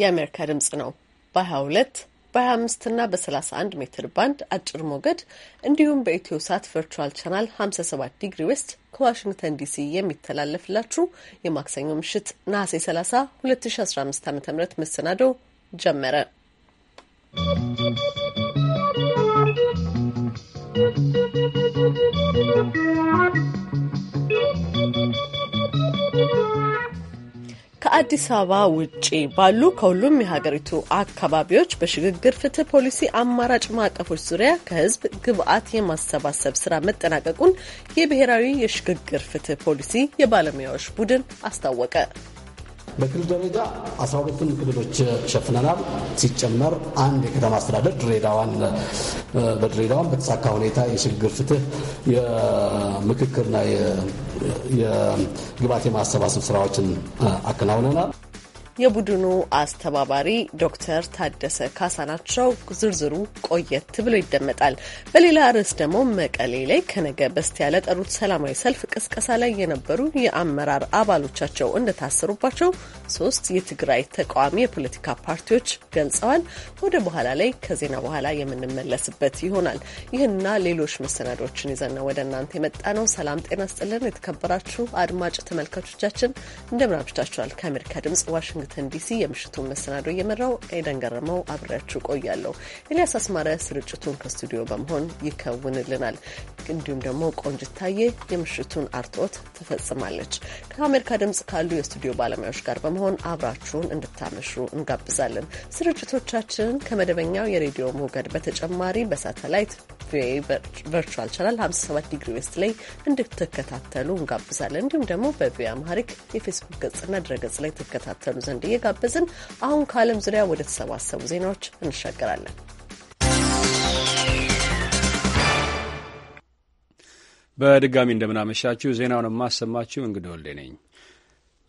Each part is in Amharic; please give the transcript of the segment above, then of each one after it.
የአሜሪካ ድምጽ ነው በ22 በ25 እና በ31 ሜትር ባንድ አጭር ሞገድ እንዲሁም በኢትዮ ሳት ቨርቹዋል ቻናል 57 ዲግሪ ዌስት ከዋሽንግተን ዲሲ የሚተላለፍላችሁ የማክሰኞ ምሽት ነሐሴ 30 2015 ዓ ም መሰናደው ጀመረ። ¶¶ ከአዲስ አበባ ውጪ ባሉ ከሁሉም የሀገሪቱ አካባቢዎች በሽግግር ፍትህ ፖሊሲ አማራጭ ማዕቀፎች ዙሪያ ከህዝብ ግብአት የማሰባሰብ ስራ መጠናቀቁን የብሔራዊ የሽግግር ፍትህ ፖሊሲ የባለሙያዎች ቡድን አስታወቀ። በክልል ደረጃ 12ቱን ክልሎች ሸፍነናል። ሲጨመር አንድ የከተማ አስተዳደር ድሬዳዋን በድሬዳዋን በተሳካ ሁኔታ የሽግግር ፍትህ የምክክርና የግባት የማሰባሰብ ስራዎችን አከናውነናል። የቡድኑ አስተባባሪ ዶክተር ታደሰ ካሳ ናቸው። ዝርዝሩ ቆየት ብሎ ይደመጣል። በሌላ ርዕስ ደግሞ መቀሌ ላይ ከነገ በስቲያ ለጠሩት ሰላማዊ ሰልፍ ቅስቀሳ ላይ የነበሩ የአመራር አባሎቻቸው እንደታሰሩባቸው ሶስት የትግራይ ተቃዋሚ የፖለቲካ ፓርቲዎች ገልጸዋል። ወደ በኋላ ላይ ከዜና በኋላ የምንመለስበት ይሆናል። ይህና ሌሎች መሰናዶችን ይዘን ወደ እናንተ የመጣ ነው። ሰላም ጤና ስጥልን። የተከበራችሁ አድማጭ ተመልካቾቻችን እንደምናምሽታችኋል። ከአሜሪካ ድምጽ ዋሽንግተን ዋሽንግተን ዲሲ የምሽቱን መሰናዶ እየመራው ኤደን ገረመው አብሬያችሁ ቆያለሁ። ኤልያስ አስማረ ስርጭቱን ከስቱዲዮ በመሆን ይከውንልናል። እንዲሁም ደግሞ ቆንጅታዬ የምሽቱን አርትኦት ትፈጽማለች። ከአሜሪካ ድምጽ ካሉ የስቱዲዮ ባለሙያዎች ጋር በመሆን አብራችሁን እንድታመሹ እንጋብዛለን። ስርጭቶቻችንን ከመደበኛው የሬዲዮ ሞገድ በተጨማሪ በሳተላይት ቪኦኤ ቨርቹዋል ቻናል 57 ዲግሪ ዌስት ላይ እንድትከታተሉ እንጋብዛለን። እንዲሁም ደግሞ በቪኦኤ አማሪክ የፌስቡክ ገጽና ድረገጽ ላይ ትከታተሉ ዘንድ እየጋበዝን አሁን ከዓለም ዙሪያ ወደ ተሰባሰቡ ዜናዎች እንሻገራለን። በድጋሚ እንደምናመሻችሁ ዜናውን የማሰማችሁ እንግዲህ ወልዴ ነኝ።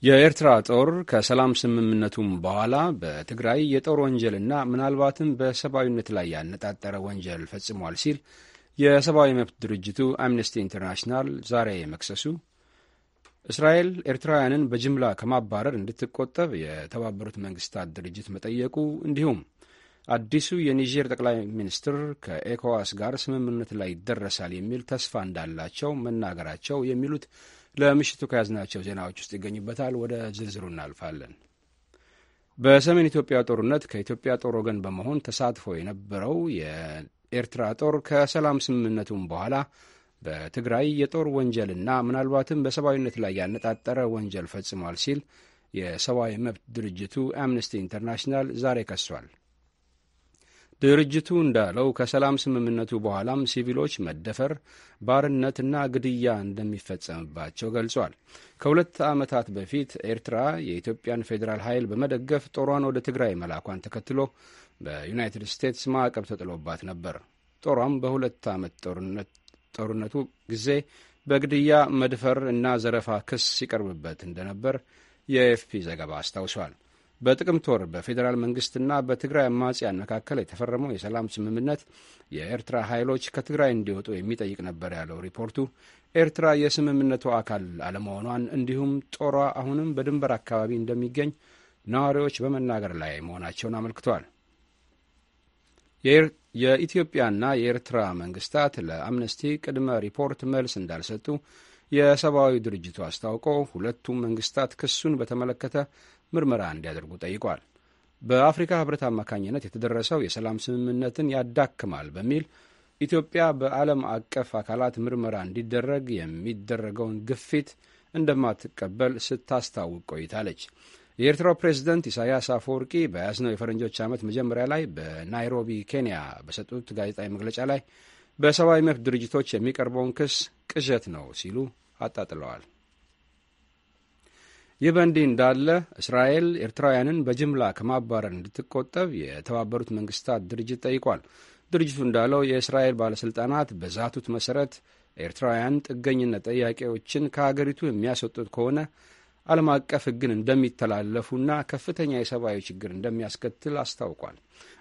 የኤርትራ ጦር ከሰላም ስምምነቱም በኋላ በትግራይ የጦር ወንጀልና ምናልባትም በሰብአዊነት ላይ ያነጣጠረ ወንጀል ፈጽሟል ሲል የሰብአዊ መብት ድርጅቱ አምነስቲ ኢንተርናሽናል ዛሬ መክሰሱ፣ እስራኤል ኤርትራውያንን በጅምላ ከማባረር እንድትቆጠብ የተባበሩት መንግስታት ድርጅት መጠየቁ፣ እንዲሁም አዲሱ የኒጀር ጠቅላይ ሚኒስትር ከኤኮዋስ ጋር ስምምነት ላይ ይደረሳል የሚል ተስፋ እንዳላቸው መናገራቸው የሚሉት ለምሽቱ ከያዝናቸው ዜናዎች ውስጥ ይገኙበታል። ወደ ዝርዝሩ እናልፋለን። በሰሜን ኢትዮጵያ ጦርነት ከኢትዮጵያ ጦር ወገን በመሆን ተሳትፎ የነበረው የኤርትራ ጦር ከሰላም ስምምነቱም በኋላ በትግራይ የጦር ወንጀልና ምናልባትም በሰብአዊነት ላይ ያነጣጠረ ወንጀል ፈጽሟል ሲል የሰብአዊ መብት ድርጅቱ አምነስቲ ኢንተርናሽናል ዛሬ ከሷል። ድርጅቱ እንዳለው ከሰላም ስምምነቱ በኋላም ሲቪሎች መደፈር፣ ባርነትና ግድያ እንደሚፈጸምባቸው ገልጿል። ከሁለት ዓመታት በፊት ኤርትራ የኢትዮጵያን ፌዴራል ኃይል በመደገፍ ጦሯን ወደ ትግራይ መላኳን ተከትሎ በዩናይትድ ስቴትስ ማዕቀብ ተጥሎባት ነበር። ጦሯም በሁለት ዓመት ጦርነቱ ጊዜ በግድያ መድፈር እና ዘረፋ ክስ ሲቀርብበት እንደነበር የኤፍፒ ዘገባ አስታውሷል። በጥቅምት ወር በፌዴራል መንግስትና በትግራይ አማጽያን መካከል የተፈረመው የሰላም ስምምነት የኤርትራ ኃይሎች ከትግራይ እንዲወጡ የሚጠይቅ ነበር ያለው ሪፖርቱ፣ ኤርትራ የስምምነቱ አካል አለመሆኗን እንዲሁም ጦሯ አሁንም በድንበር አካባቢ እንደሚገኝ ነዋሪዎች በመናገር ላይ መሆናቸውን አመልክቷል። የኢትዮጵያና የኤርትራ መንግስታት ለአምነስቲ ቅድመ ሪፖርት መልስ እንዳልሰጡ የሰብአዊ ድርጅቱ አስታውቆ ሁለቱም መንግስታት ክሱን በተመለከተ ምርመራ እንዲያደርጉ ጠይቋል። በአፍሪካ ህብረት አማካኝነት የተደረሰው የሰላም ስምምነትን ያዳክማል በሚል ኢትዮጵያ በዓለም አቀፍ አካላት ምርመራ እንዲደረግ የሚደረገውን ግፊት እንደማትቀበል ስታስታውቅ ቆይታለች። የኤርትራው ፕሬዝደንት ኢሳያስ አፈወርቂ በያዝነው የፈረንጆች ዓመት መጀመሪያ ላይ በናይሮቢ ኬንያ በሰጡት ጋዜጣዊ መግለጫ ላይ በሰብአዊ መብት ድርጅቶች የሚቀርበውን ክስ ቅዠት ነው ሲሉ አጣጥለዋል። ይህ በእንዲህ እንዳለ እስራኤል ኤርትራውያንን በጅምላ ከማባረር እንድትቆጠብ የተባበሩት መንግስታት ድርጅት ጠይቋል። ድርጅቱ እንዳለው የእስራኤል ባለሥልጣናት በዛቱት መሠረት ኤርትራውያን ጥገኝነት ጠያቂዎችን ከአገሪቱ የሚያስወጡት ከሆነ ዓለም አቀፍ ሕግን እንደሚተላለፉና ከፍተኛ የሰብአዊ ችግር እንደሚያስከትል አስታውቋል።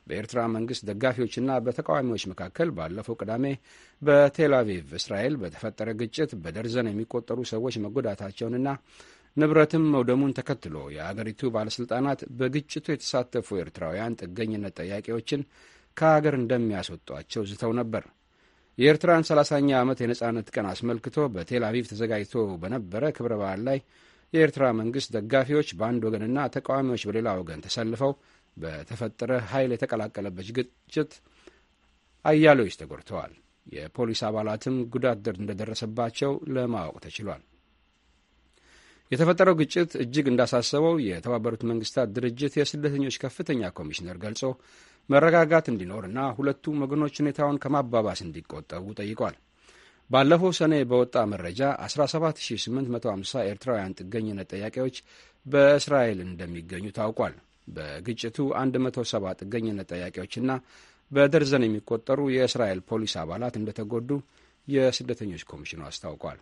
በኤርትራ መንግስት ደጋፊዎችና በተቃዋሚዎች መካከል ባለፈው ቅዳሜ በቴል አቪቭ እስራኤል በተፈጠረ ግጭት በደርዘን የሚቆጠሩ ሰዎች መጎዳታቸውንና ንብረትም መውደሙን ተከትሎ የአገሪቱ ባለሥልጣናት በግጭቱ የተሳተፉ ኤርትራውያን ጥገኝነት ጠያቂዎችን ከሀገር እንደሚያስወጧቸው ዝተው ነበር። የኤርትራን ሰላሳኛ ዓመት የነጻነት ቀን አስመልክቶ በቴል አቪቭ ተዘጋጅቶ በነበረ ክብረ በዓል ላይ የኤርትራ መንግሥት ደጋፊዎች በአንድ ወገንና ተቃዋሚዎች በሌላ ወገን ተሰልፈው በተፈጠረ ኃይል የተቀላቀለበች ግጭት አያሌዎች ተጎድተዋል። የፖሊስ አባላትም ጉዳት እንደደረሰባቸው ለማወቅ ተችሏል። የተፈጠረው ግጭት እጅግ እንዳሳሰበው የተባበሩት መንግስታት ድርጅት የስደተኞች ከፍተኛ ኮሚሽነር ገልጾ መረጋጋት እንዲኖርና ሁለቱም ወገኖች ሁኔታውን ከማባባስ እንዲቆጠቡ ጠይቋል። ባለፈው ሰኔ በወጣ መረጃ 17850 ኤርትራውያን ጥገኝነት ጠያቄዎች በእስራኤል እንደሚገኙ ታውቋል። በግጭቱ 170 ጥገኝነት ጠያቂዎችና በደርዘን የሚቆጠሩ የእስራኤል ፖሊስ አባላት እንደተጎዱ የስደተኞች ኮሚሽኑ አስታውቋል።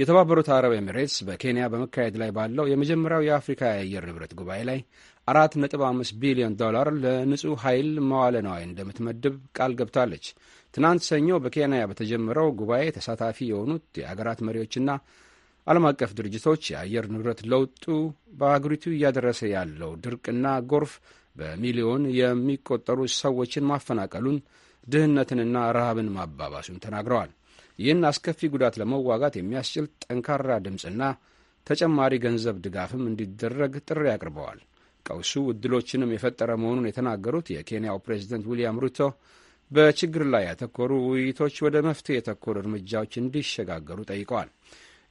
የተባበሩት አረብ ኤሚሬትስ በኬንያ በመካሄድ ላይ ባለው የመጀመሪያው የአፍሪካ የአየር ንብረት ጉባኤ ላይ 4.5 ቢሊዮን ዶላር ለንጹሕ ኃይል መዋለ ነዋይ እንደምትመድብ ቃል ገብታለች። ትናንት ሰኞ በኬንያ በተጀመረው ጉባኤ ተሳታፊ የሆኑት የአገራት መሪዎችና ዓለም አቀፍ ድርጅቶች የአየር ንብረት ለውጡ በአገሪቱ እያደረሰ ያለው ድርቅና ጎርፍ በሚሊዮን የሚቆጠሩ ሰዎችን ማፈናቀሉን ድህነትንና ረሃብን ማባባሱን ተናግረዋል። ይህን አስከፊ ጉዳት ለመዋጋት የሚያስችል ጠንካራ ድምፅና ተጨማሪ ገንዘብ ድጋፍም እንዲደረግ ጥሪ አቅርበዋል። ቀውሱ እድሎችንም የፈጠረ መሆኑን የተናገሩት የኬንያው ፕሬዚደንት ዊልያም ሩቶ በችግር ላይ ያተኮሩ ውይይቶች ወደ መፍትሄ የተኮሩ እርምጃዎች እንዲሸጋገሩ ጠይቀዋል።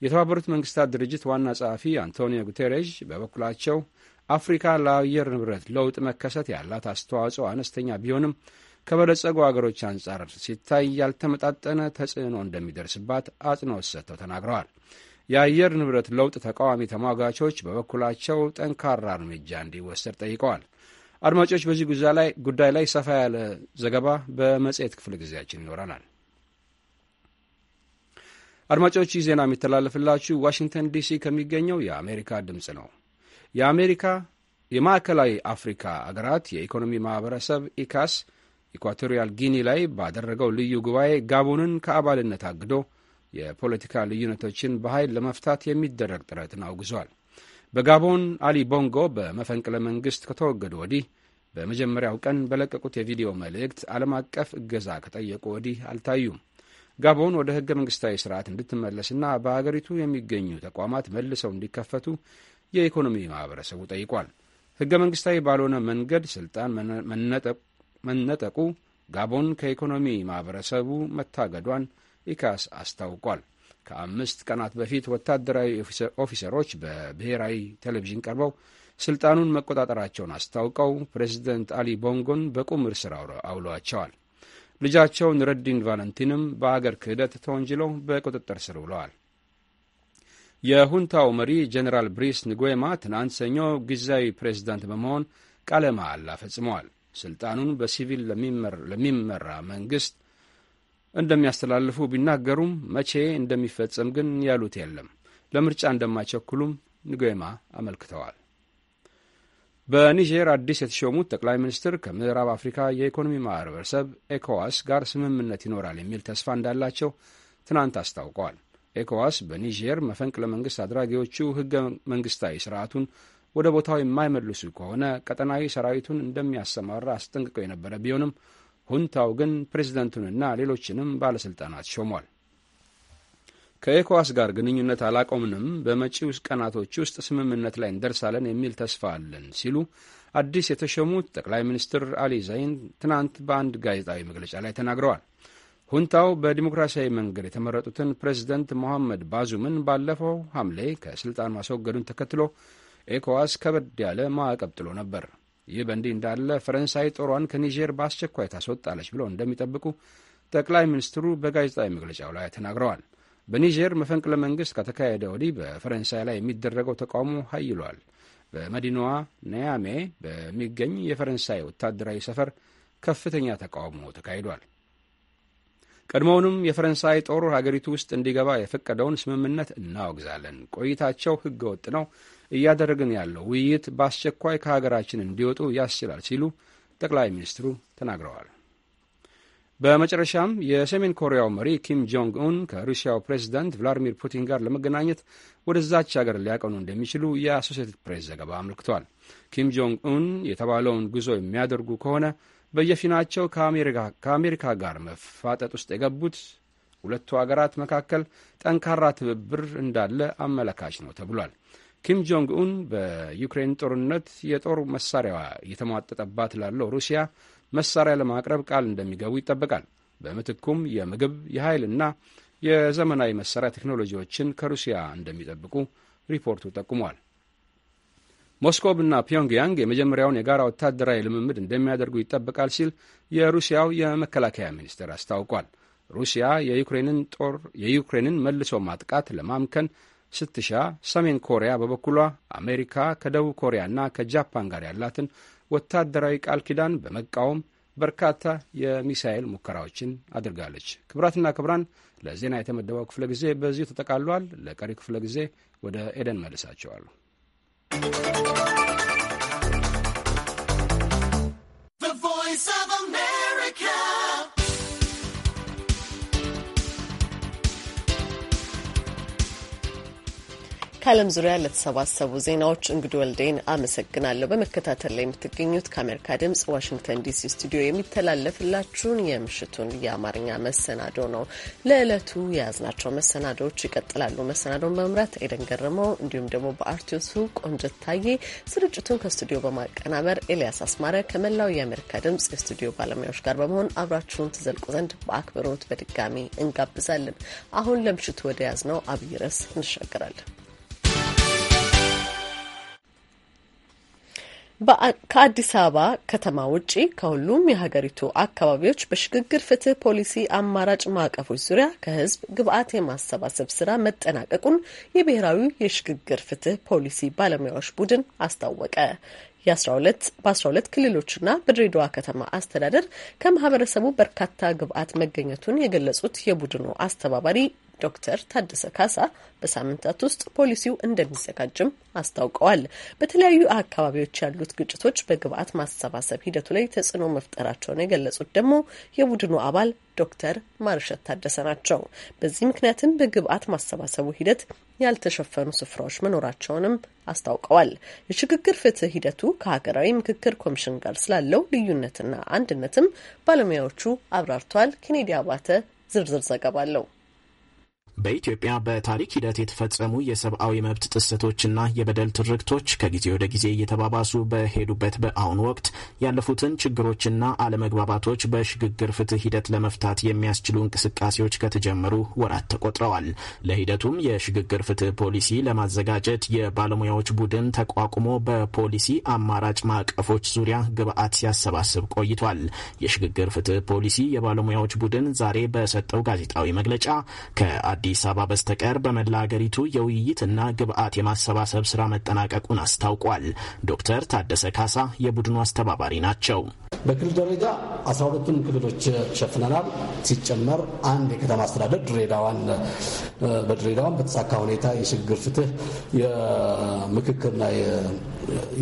የተባበሩት መንግስታት ድርጅት ዋና ጸሐፊ አንቶኒዮ ጉቴሬዥ በበኩላቸው አፍሪካ ለአየር ንብረት ለውጥ መከሰት ያላት አስተዋጽኦ አነስተኛ ቢሆንም ከበለጸጉ አገሮች አንጻር ሲታይ ያልተመጣጠነ ተጽዕኖ እንደሚደርስባት አጽንኦት ሰጥተው ተናግረዋል። የአየር ንብረት ለውጥ ተቃዋሚ ተሟጋቾች በበኩላቸው ጠንካራ እርምጃ እንዲወሰድ ጠይቀዋል። አድማጮች፣ በዚህ ጉዳይ ላይ ሰፋ ያለ ዘገባ በመጽሔት ክፍለ ጊዜያችን ይኖረናል። አድማጮች፣ ይህ ዜና የሚተላለፍላችሁ ዋሽንግተን ዲሲ ከሚገኘው የአሜሪካ ድምፅ ነው። የአሜሪካ የማዕከላዊ አፍሪካ አገራት የኢኮኖሚ ማህበረሰብ ኢካስ ኢኳቶሪያል ጊኒ ላይ ባደረገው ልዩ ጉባኤ ጋቦንን ከአባልነት አግዶ የፖለቲካ ልዩነቶችን በኃይል ለመፍታት የሚደረግ ጥረትን አውግዟል። በጋቦን አሊ ቦንጎ በመፈንቅለ መንግሥት ከተወገዱ ወዲህ በመጀመሪያው ቀን በለቀቁት የቪዲዮ መልእክት ዓለም አቀፍ እገዛ ከጠየቁ ወዲህ አልታዩም። ጋቦን ወደ ሕገ መንግሥታዊ ሥርዓት እንድትመለስና በአገሪቱ የሚገኙ ተቋማት መልሰው እንዲከፈቱ የኢኮኖሚ ማኅበረሰቡ ጠይቋል። ሕገ መንግሥታዊ ባልሆነ መንገድ ሥልጣን መነጠቁ መነጠቁ ጋቦን ከኢኮኖሚ ማኅበረሰቡ መታገዷን ኢካስ አስታውቋል። ከአምስት ቀናት በፊት ወታደራዊ ኦፊሰሮች በብሔራዊ ቴሌቪዥን ቀርበው ስልጣኑን መቆጣጠራቸውን አስታውቀው ፕሬዚደንት አሊ ቦንጎን በቁምር እስር አውለዋቸዋል። ልጃቸው ንረዲን ቫለንቲንም በአገር ክህደት ተወንጅለው በቁጥጥር ስር ውለዋል። የሁንታው መሪ ጀኔራል ብሪስ ንጎማ ትናንት ሰኞ ጊዜያዊ ፕሬዚዳንት በመሆን ቃለ መሐላ ፈጽመዋል። ስልጣኑን በሲቪል ለሚመራ መንግስት እንደሚያስተላልፉ ቢናገሩም መቼ እንደሚፈጸም ግን ያሉት የለም። ለምርጫ እንደማይቸኩሉም ንጎማ አመልክተዋል። በኒጀር አዲስ የተሾሙት ጠቅላይ ሚኒስትር ከምዕራብ አፍሪካ የኢኮኖሚ ማህበረሰብ ኤኮዋስ ጋር ስምምነት ይኖራል የሚል ተስፋ እንዳላቸው ትናንት አስታውቀዋል። ኤኮዋስ በኒጀር መፈንቅለ መንግስት አድራጊዎቹ ህገ መንግስታዊ ስርዓቱን ወደ ቦታው የማይመልሱ ከሆነ ቀጠናዊ ሰራዊቱን እንደሚያሰማራ አስጠንቅቀው የነበረ ቢሆንም ሁንታው ግን ፕሬዚደንቱንና ሌሎችንም ባለሥልጣናት ሾሟል። ከኤኮዋስ ጋር ግንኙነት አላቆምንም፣ በመጪው ቀናቶች ውስጥ ስምምነት ላይ እንደርሳለን የሚል ተስፋ አለን ሲሉ አዲስ የተሾሙት ጠቅላይ ሚኒስትር አሊ ዛይን ትናንት በአንድ ጋዜጣዊ መግለጫ ላይ ተናግረዋል። ሁንታው በዲሞክራሲያዊ መንገድ የተመረጡትን ፕሬዝደንት ሞሐመድ ባዙምን ባለፈው ሐምሌ ከሥልጣን ማስወገዱን ተከትሎ ኤኮዋስ ከበድ ያለ ማዕቀብ ጥሎ ነበር። ይህ በእንዲህ እንዳለ ፈረንሳይ ጦሯን ከኒጀር በአስቸኳይ ታስወጣለች ብለው እንደሚጠብቁ ጠቅላይ ሚኒስትሩ በጋዜጣዊ መግለጫው ላይ ተናግረዋል። በኒጀር መፈንቅለ መንግስት ከተካሄደ ወዲህ በፈረንሳይ ላይ የሚደረገው ተቃውሞ ሀይሏል። በመዲናዋ ነያሜ በሚገኝ የፈረንሳይ ወታደራዊ ሰፈር ከፍተኛ ተቃውሞ ተካሂዷል። ቀድሞውንም የፈረንሳይ ጦር ሀገሪቱ ውስጥ እንዲገባ የፈቀደውን ስምምነት እናወግዛለን፣ ቆይታቸው ህገ ወጥ ነው፣ እያደረግን ያለው ውይይት በአስቸኳይ ከሀገራችን እንዲወጡ ያስችላል ሲሉ ጠቅላይ ሚኒስትሩ ተናግረዋል። በመጨረሻም የሰሜን ኮሪያው መሪ ኪም ጆንግ ኡን ከሩሲያው ፕሬዚዳንት ቭላዲሚር ፑቲን ጋር ለመገናኘት ወደዛች ሀገር ሊያቀኑ እንደሚችሉ የአሶሴትድ ፕሬስ ዘገባ አመልክቷል። ኪም ጆንግ ኡን የተባለውን ጉዞ የሚያደርጉ ከሆነ በየፊናቸው ከአሜሪካ ጋር መፋጠጥ ውስጥ የገቡት ሁለቱ አገራት መካከል ጠንካራ ትብብር እንዳለ አመለካች ነው ተብሏል። ኪም ጆንግ ኡን በዩክሬን ጦርነት የጦር መሳሪያዋ እየተሟጠጠባት ላለው ሩሲያ መሳሪያ ለማቅረብ ቃል እንደሚገቡ ይጠበቃል። በምትኩም የምግብ የኃይልና የዘመናዊ መሳሪያ ቴክኖሎጂዎችን ከሩሲያ እንደሚጠብቁ ሪፖርቱ ጠቁሟል። ሞስኮቭና ፒዮንግያንግ የመጀመሪያውን የጋራ ወታደራዊ ልምምድ እንደሚያደርጉ ይጠበቃል ሲል የሩሲያው የመከላከያ ሚኒስቴር አስታውቋል። ሩሲያ የዩክሬንን ጦር የዩክሬንን መልሶ ማጥቃት ለማምከን ስትሻ ሰሜን ኮሪያ በበኩሏ አሜሪካ ከደቡብ ኮሪያና ከጃፓን ጋር ያላትን ወታደራዊ ቃል ኪዳን በመቃወም በርካታ የሚሳኤል ሙከራዎችን አድርጋለች። ክብራትና ክብራን ለዜና የተመደበው ክፍለ ጊዜ በዚሁ ተጠቃሏል። ለቀሪ ክፍለ ጊዜ ወደ ኤደን መልሳቸዋሉ። ከዓለም ዙሪያ ለተሰባሰቡ ዜናዎች እንግዲ ወልዴን አመሰግናለሁ። በመከታተል ላይ የምትገኙት ከአሜሪካ ድምጽ ዋሽንግተን ዲሲ ስቱዲዮ የሚተላለፍላችሁን የምሽቱን የአማርኛ መሰናዶ ነው። ለዕለቱ የያዝናቸው መሰናዶዎች ይቀጥላሉ። መሰናዶን በመምራት ኤደን ገረመው እንዲሁም ደግሞ በአርቲዮሱ ቆንጀት ታዬ፣ ስርጭቱን ከስቱዲዮ በማቀናበር ኤልያስ አስማረ ከመላው የአሜሪካ ድምጽ የስቱዲዮ ባለሙያዎች ጋር በመሆን አብራችሁን ትዘልቁ ዘንድ በአክብሮት በድጋሚ እንጋብዛለን። አሁን ለምሽቱ ወደ ያዝነው አብይ ርዕስ እንሻገራለን። ከአዲስ አበባ ከተማ ውጪ ከሁሉም የሀገሪቱ አካባቢዎች በሽግግር ፍትህ ፖሊሲ አማራጭ ማዕቀፎች ዙሪያ ከህዝብ ግብአት የማሰባሰብ ስራ መጠናቀቁን የብሔራዊ የሽግግር ፍትህ ፖሊሲ ባለሙያዎች ቡድን አስታወቀ። የ12 በ12 ክልሎችና በድሬዳዋ ከተማ አስተዳደር ከማህበረሰቡ በርካታ ግብአት መገኘቱን የገለጹት የቡድኑ አስተባባሪ ዶክተር ታደሰ ካሳ በሳምንታት ውስጥ ፖሊሲው እንደሚዘጋጅም አስታውቀዋል። በተለያዩ አካባቢዎች ያሉት ግጭቶች በግብአት ማሰባሰብ ሂደቱ ላይ ተጽዕኖ መፍጠራቸውን የገለጹት ደግሞ የቡድኑ አባል ዶክተር ማርሸት ታደሰ ናቸው። በዚህ ምክንያትም በግብአት ማሰባሰቡ ሂደት ያልተሸፈኑ ስፍራዎች መኖራቸውንም አስታውቀዋል። የሽግግር ፍትህ ሂደቱ ከሀገራዊ ምክክር ኮሚሽን ጋር ስላለው ልዩነትና አንድነትም ባለሙያዎቹ አብራርተዋል። ኬኔዲ አባተ ዝርዝር ዘገባ አለው። በኢትዮጵያ በታሪክ ሂደት የተፈጸሙ የሰብአዊ መብት ጥሰቶችና የበደል ትርክቶች ከጊዜ ወደ ጊዜ እየተባባሱ በሄዱበት በአሁኑ ወቅት ያለፉትን ችግሮችና አለመግባባቶች በሽግግር ፍትህ ሂደት ለመፍታት የሚያስችሉ እንቅስቃሴዎች ከተጀመሩ ወራት ተቆጥረዋል። ለሂደቱም የሽግግር ፍትህ ፖሊሲ ለማዘጋጀት የባለሙያዎች ቡድን ተቋቁሞ በፖሊሲ አማራጭ ማዕቀፎች ዙሪያ ግብአት ሲያሰባስብ ቆይቷል። የሽግግር ፍትህ ፖሊሲ የባለሙያዎች ቡድን ዛሬ በሰጠው ጋዜጣዊ መግለጫ ከአ ከአዲስ አበባ በስተቀር በመላ አገሪቱ የውይይትና ግብአት የማሰባሰብ ስራ መጠናቀቁን አስታውቋል። ዶክተር ታደሰ ካሳ የቡድኑ አስተባባሪ ናቸው። በክልል ደረጃ አስራ ሁለቱን ክልሎች ሸፍነናል። ሲጨመር አንድ የከተማ አስተዳደር ድሬዳዋን በድሬዳዋን በተሳካ ሁኔታ የሽግግር ፍትህ የምክክርና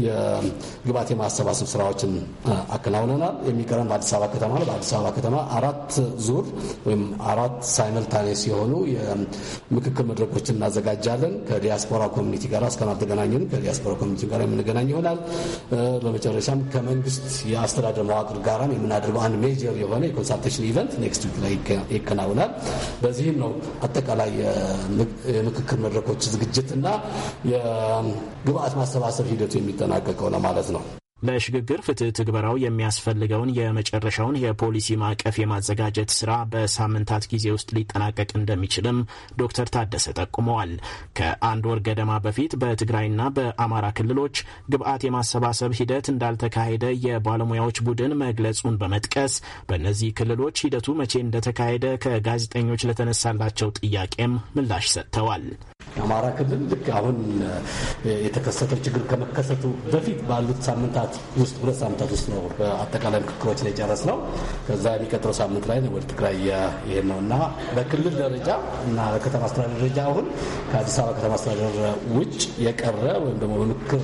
የግባት የማሰባሰብ ስራዎችን አከናውነናል። የሚቀረን በአዲስ አበባ ከተማ ነው። በአዲስ አበባ ከተማ አራት ዙር ወይም አራት ሳይመልታኔስ የሆኑ ቀን ምክክር መድረኮችን እናዘጋጃለን። ከዲያስፖራ ኮሚኒቲ ጋር እስካሁን ከዲያስፖራ ኮሚኒቲ ጋር የምንገናኝ ይሆናል። በመጨረሻም ከመንግስት የአስተዳደር መዋቅር ጋር የምናደርገው አንድ ሜጀር የሆነ የኮንሳልቴሽን ኢቨንት ኔክስት ዊክ ላይ ይከናውናል። በዚህም ነው አጠቃላይ የምክክር መድረኮች ዝግጅት እና የግብአት ማሰባሰብ ሂደቱ የሚጠናቀቀው ለማለት ነው። ለሽግግር ፍትህ ትግበራው የሚያስፈልገውን የመጨረሻውን የፖሊሲ ማዕቀፍ የማዘጋጀት ስራ በሳምንታት ጊዜ ውስጥ ሊጠናቀቅ እንደሚችልም ዶክተር ታደሰ ጠቁመዋል። ከአንድ ወር ገደማ በፊት በትግራይና በአማራ ክልሎች ግብአት የማሰባሰብ ሂደት እንዳልተካሄደ የባለሙያዎች ቡድን መግለጹን በመጥቀስ በእነዚህ ክልሎች ሂደቱ መቼ እንደተካሄደ ከጋዜጠኞች ለተነሳላቸው ጥያቄም ምላሽ ሰጥተዋል። የአማራ ክልል ልክ አሁን የተከሰተው ችግር ከመከሰቱ በፊት ባሉት ሳምንታት ውስጥ ሁለት ሳምንታት ውስጥ ነው አጠቃላይ ምክክሮች ላይ ጨረስ ነው። ከዛ የሚቀጥለው ሳምንት ላይ ወደ ትግራይ ይሄድ ነው እና በክልል ደረጃ እና በከተማ አስተዳደር ደረጃ አሁን ከአዲስ አበባ ከተማ አስተዳደር ውጭ የቀረ ወይም ደግሞ በምክክር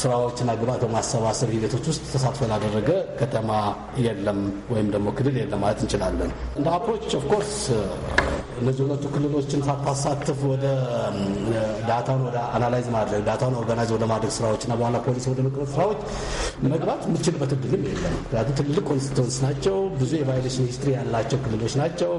ስራዎችና ግብዓት በማሰባሰብ ሂደቶች ውስጥ ተሳትፎ ላደረገ ከተማ የለም ወይም ደግሞ ክልል የለም ማለት እንችላለን። እንደ አፕሮች ኦፍኮርስ እነዚህ ሁለቱ ክልሎችን ሳታሳትፍ ወደ ዳታን ወደ አናላይዝ ማድረግ ዳታን ኦርጋናይዝ ወደ ማድረግ ስራዎች እና በኋላ ፖሊሲ ወደ መቅረጽ ስራዎች መግባት የምችልበት እድልም የለም። ምክንያቱም ትልልቅ ኮንስቲቱንስ ናቸው፣ ብዙ የቫይሌሽን ሂስትሪ ያላቸው ክልሎች ናቸው።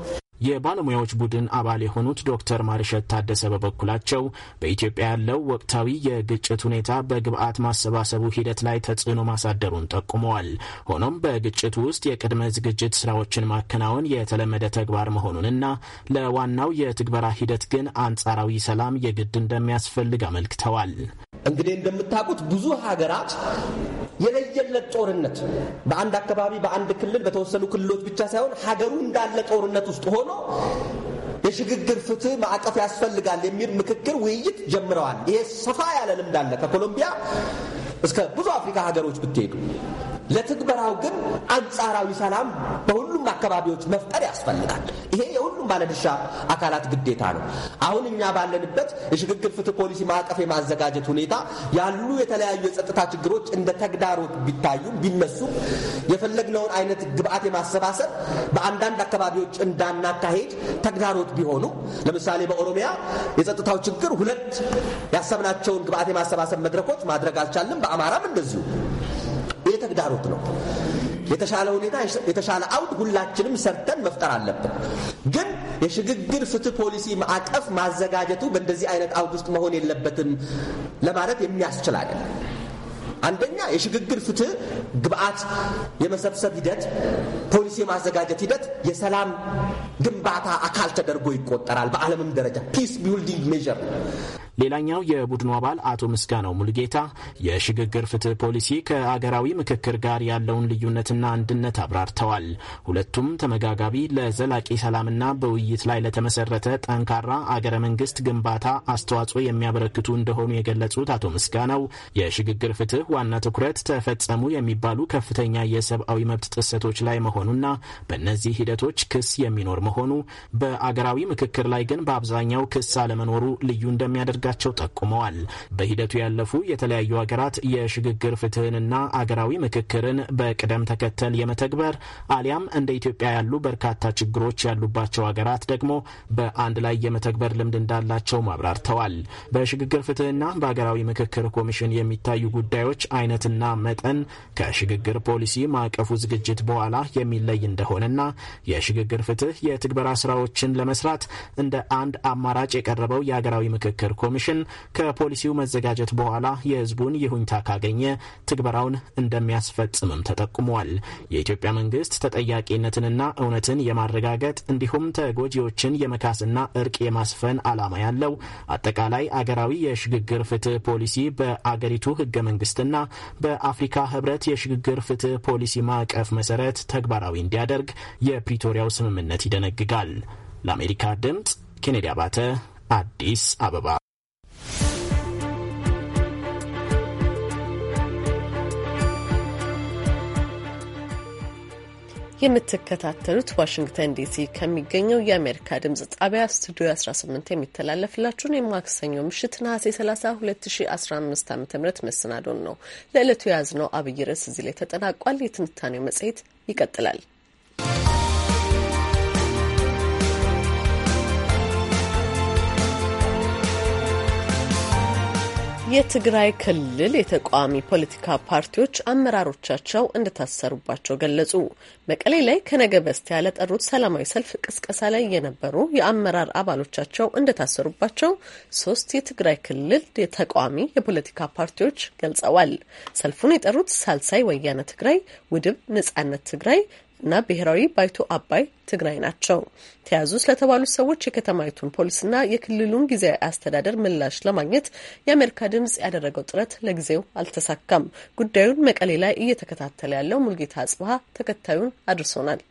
የባለሙያዎች ቡድን አባል የሆኑት ዶክተር ማርሸት ታደሰ በበኩላቸው በኢትዮጵያ ያለው ወቅታዊ የግጭት ሁኔታ በግብአት ማሰባሰቡ ሂደት ላይ ተጽዕኖ ማሳደሩን ጠቁመዋል። ሆኖም በግጭቱ ውስጥ የቅድመ ዝግጅት ስራዎችን ማከናወን የተለመደ ተግባር መሆኑንና ለዋናው የትግበራ ሂደት ግን አንጻራዊ ሰላም የግድ እንደሚያስፈልግ አመልክተዋል። እንግዲህ እንደምታውቁት ብዙ ሀገራት የለየለት ጦርነት በአንድ አካባቢ፣ በአንድ ክልል፣ በተወሰኑ ክልሎች ብቻ ሳይሆን ሀገሩ እንዳለ ጦርነት ውስጥ ሆኖ የሽግግር ፍትህ ማዕቀፍ ያስፈልጋል የሚል ምክክር፣ ውይይት ጀምረዋል። ይሄ ሰፋ ያለ ልምድ አለ። ከኮሎምቢያ እስከ ብዙ አፍሪካ ሀገሮች ብትሄዱ ለትግበራው ግን አንጻራዊ ሰላም በሁሉም አካባቢዎች መፍጠር ያስፈልጋል። ይሄ የሁሉም ባለድርሻ አካላት ግዴታ ነው። አሁን እኛ ባለንበት የሽግግር ፍትህ ፖሊሲ ማዕቀፍ የማዘጋጀት ሁኔታ ያሉ የተለያዩ የጸጥታ ችግሮች እንደ ተግዳሮት ቢታዩ ቢነሱ የፈለግነውን አይነት ግብአት የማሰባሰብ በአንዳንድ አካባቢዎች እንዳናካሄድ ተግዳሮት ቢሆኑ ለምሳሌ በኦሮሚያ የጸጥታው ችግር ሁለት ያሰብናቸውን ግብአት የማሰባሰብ መድረኮች ማድረግ አልቻለም። በአማራም እንደዚሁ ተግዳሮት ነው። የተሻለ ሁኔታ የተሻለ አውድ ሁላችንም ሰርተን መፍጠር አለብን። ግን የሽግግር ፍትህ ፖሊሲ ማዕቀፍ ማዘጋጀቱ በእንደዚህ አይነት አውድ ውስጥ መሆን የለበትም ለማለት የሚያስችል አይደለም። አንደኛ የሽግግር ፍትህ ግብአት የመሰብሰብ ሂደት፣ ፖሊሲ የማዘጋጀት ሂደት የሰላም ግንባታ አካል ተደርጎ ይቆጠራል። በዓለምም ደረጃ ፒስ ቢልዲንግ ሜዥር ሌላኛው የቡድኑ አባል አቶ ምስጋናው ሙልጌታ የሽግግር ፍትህ ፖሊሲ ከአገራዊ ምክክር ጋር ያለውን ልዩነትና አንድነት አብራርተዋል። ሁለቱም ተመጋጋቢ ለዘላቂ ሰላምና በውይይት ላይ ለተመሰረተ ጠንካራ አገረ መንግስት ግንባታ አስተዋጽኦ የሚያበረክቱ እንደሆኑ የገለጹት አቶ ምስጋናው የሽግግር ፍትህ ዋና ትኩረት ተፈጸሙ የሚባሉ ከፍተኛ የሰብአዊ መብት ጥሰቶች ላይ መሆኑና በእነዚህ ሂደቶች ክስ የሚኖር መሆኑ በአገራዊ ምክክር ላይ ግን በአብዛኛው ክስ አለመኖሩ ልዩ እንደሚያደርግ እንደሚያደርጋቸው ጠቁመዋል። በሂደቱ ያለፉ የተለያዩ ሀገራት የሽግግር ፍትህንና አገራዊ ምክክርን በቅደም ተከተል የመተግበር አሊያም እንደ ኢትዮጵያ ያሉ በርካታ ችግሮች ያሉባቸው ሀገራት ደግሞ በአንድ ላይ የመተግበር ልምድ እንዳላቸው ማብራርተዋል። በሽግግር ፍትህና በሀገራዊ ምክክር ኮሚሽን የሚታዩ ጉዳዮች አይነትና መጠን ከሽግግር ፖሊሲ ማዕቀፉ ዝግጅት በኋላ የሚለይ እንደሆነና የሽግግር ፍትህ የትግበራ ስራዎችን ለመስራት እንደ አንድ አማራጭ የቀረበው የሀገራዊ ምክክር ኮሚሽን ኮሚሽን ከፖሊሲው መዘጋጀት በኋላ የህዝቡን ይሁኝታ ካገኘ ትግበራውን እንደሚያስፈጽምም ተጠቁሟል። የኢትዮጵያ መንግስት ተጠያቂነትንና እውነትን የማረጋገጥ እንዲሁም ተጎጂዎችን የመካስና እርቅ የማስፈን ዓላማ ያለው አጠቃላይ አገራዊ የሽግግር ፍትህ ፖሊሲ በአገሪቱ ህገ መንግስትና በአፍሪካ ህብረት የሽግግር ፍትህ ፖሊሲ ማዕቀፍ መሰረት ተግባራዊ እንዲያደርግ የፕሪቶሪያው ስምምነት ይደነግጋል። ለአሜሪካ ድምፅ ኬኔዲ አባተ አዲስ አበባ የምትከታተሉት ዋሽንግተን ዲሲ ከሚገኘው የአሜሪካ ድምጽ ጣቢያ ስቱዲዮ 18 የሚተላለፍላችሁን የማክሰኞ ምሽት ነሐሴ 30 2015 ዓ ም መሰናዶን ነው። ለዕለቱ የያዝነው አብይ ርዕስ እዚህ ላይ ተጠናቋል። የትንታኔው መጽሔት ይቀጥላል። የትግራይ ክልል የተቃዋሚ ፖለቲካ ፓርቲዎች አመራሮቻቸው እንደታሰሩባቸው ገለጹ። መቀሌ ላይ ከነገ በስቲያ ለጠሩት ሰላማዊ ሰልፍ ቅስቀሳ ላይ የነበሩ የአመራር አባሎቻቸው እንደታሰሩባቸው ሶስት የትግራይ ክልል የተቃዋሚ የፖለቲካ ፓርቲዎች ገልጸዋል። ሰልፉን የጠሩት ሳልሳይ ወያነ ትግራይ፣ ውድብ ነጻነት ትግራይ፣ እና ብሔራዊ ባይቶ አባይ ትግራይ ናቸው። ተያዙ ስለተባሉት ሰዎች የከተማይቱን ፖሊስና የክልሉን ጊዜያዊ አስተዳደር ምላሽ ለማግኘት የአሜሪካ ድምጽ ያደረገው ጥረት ለጊዜው አልተሳካም። ጉዳዩን መቀሌ ላይ እየተከታተለ ያለው ሙልጌታ አጽብሀ ተከታዩን አድርሶናል።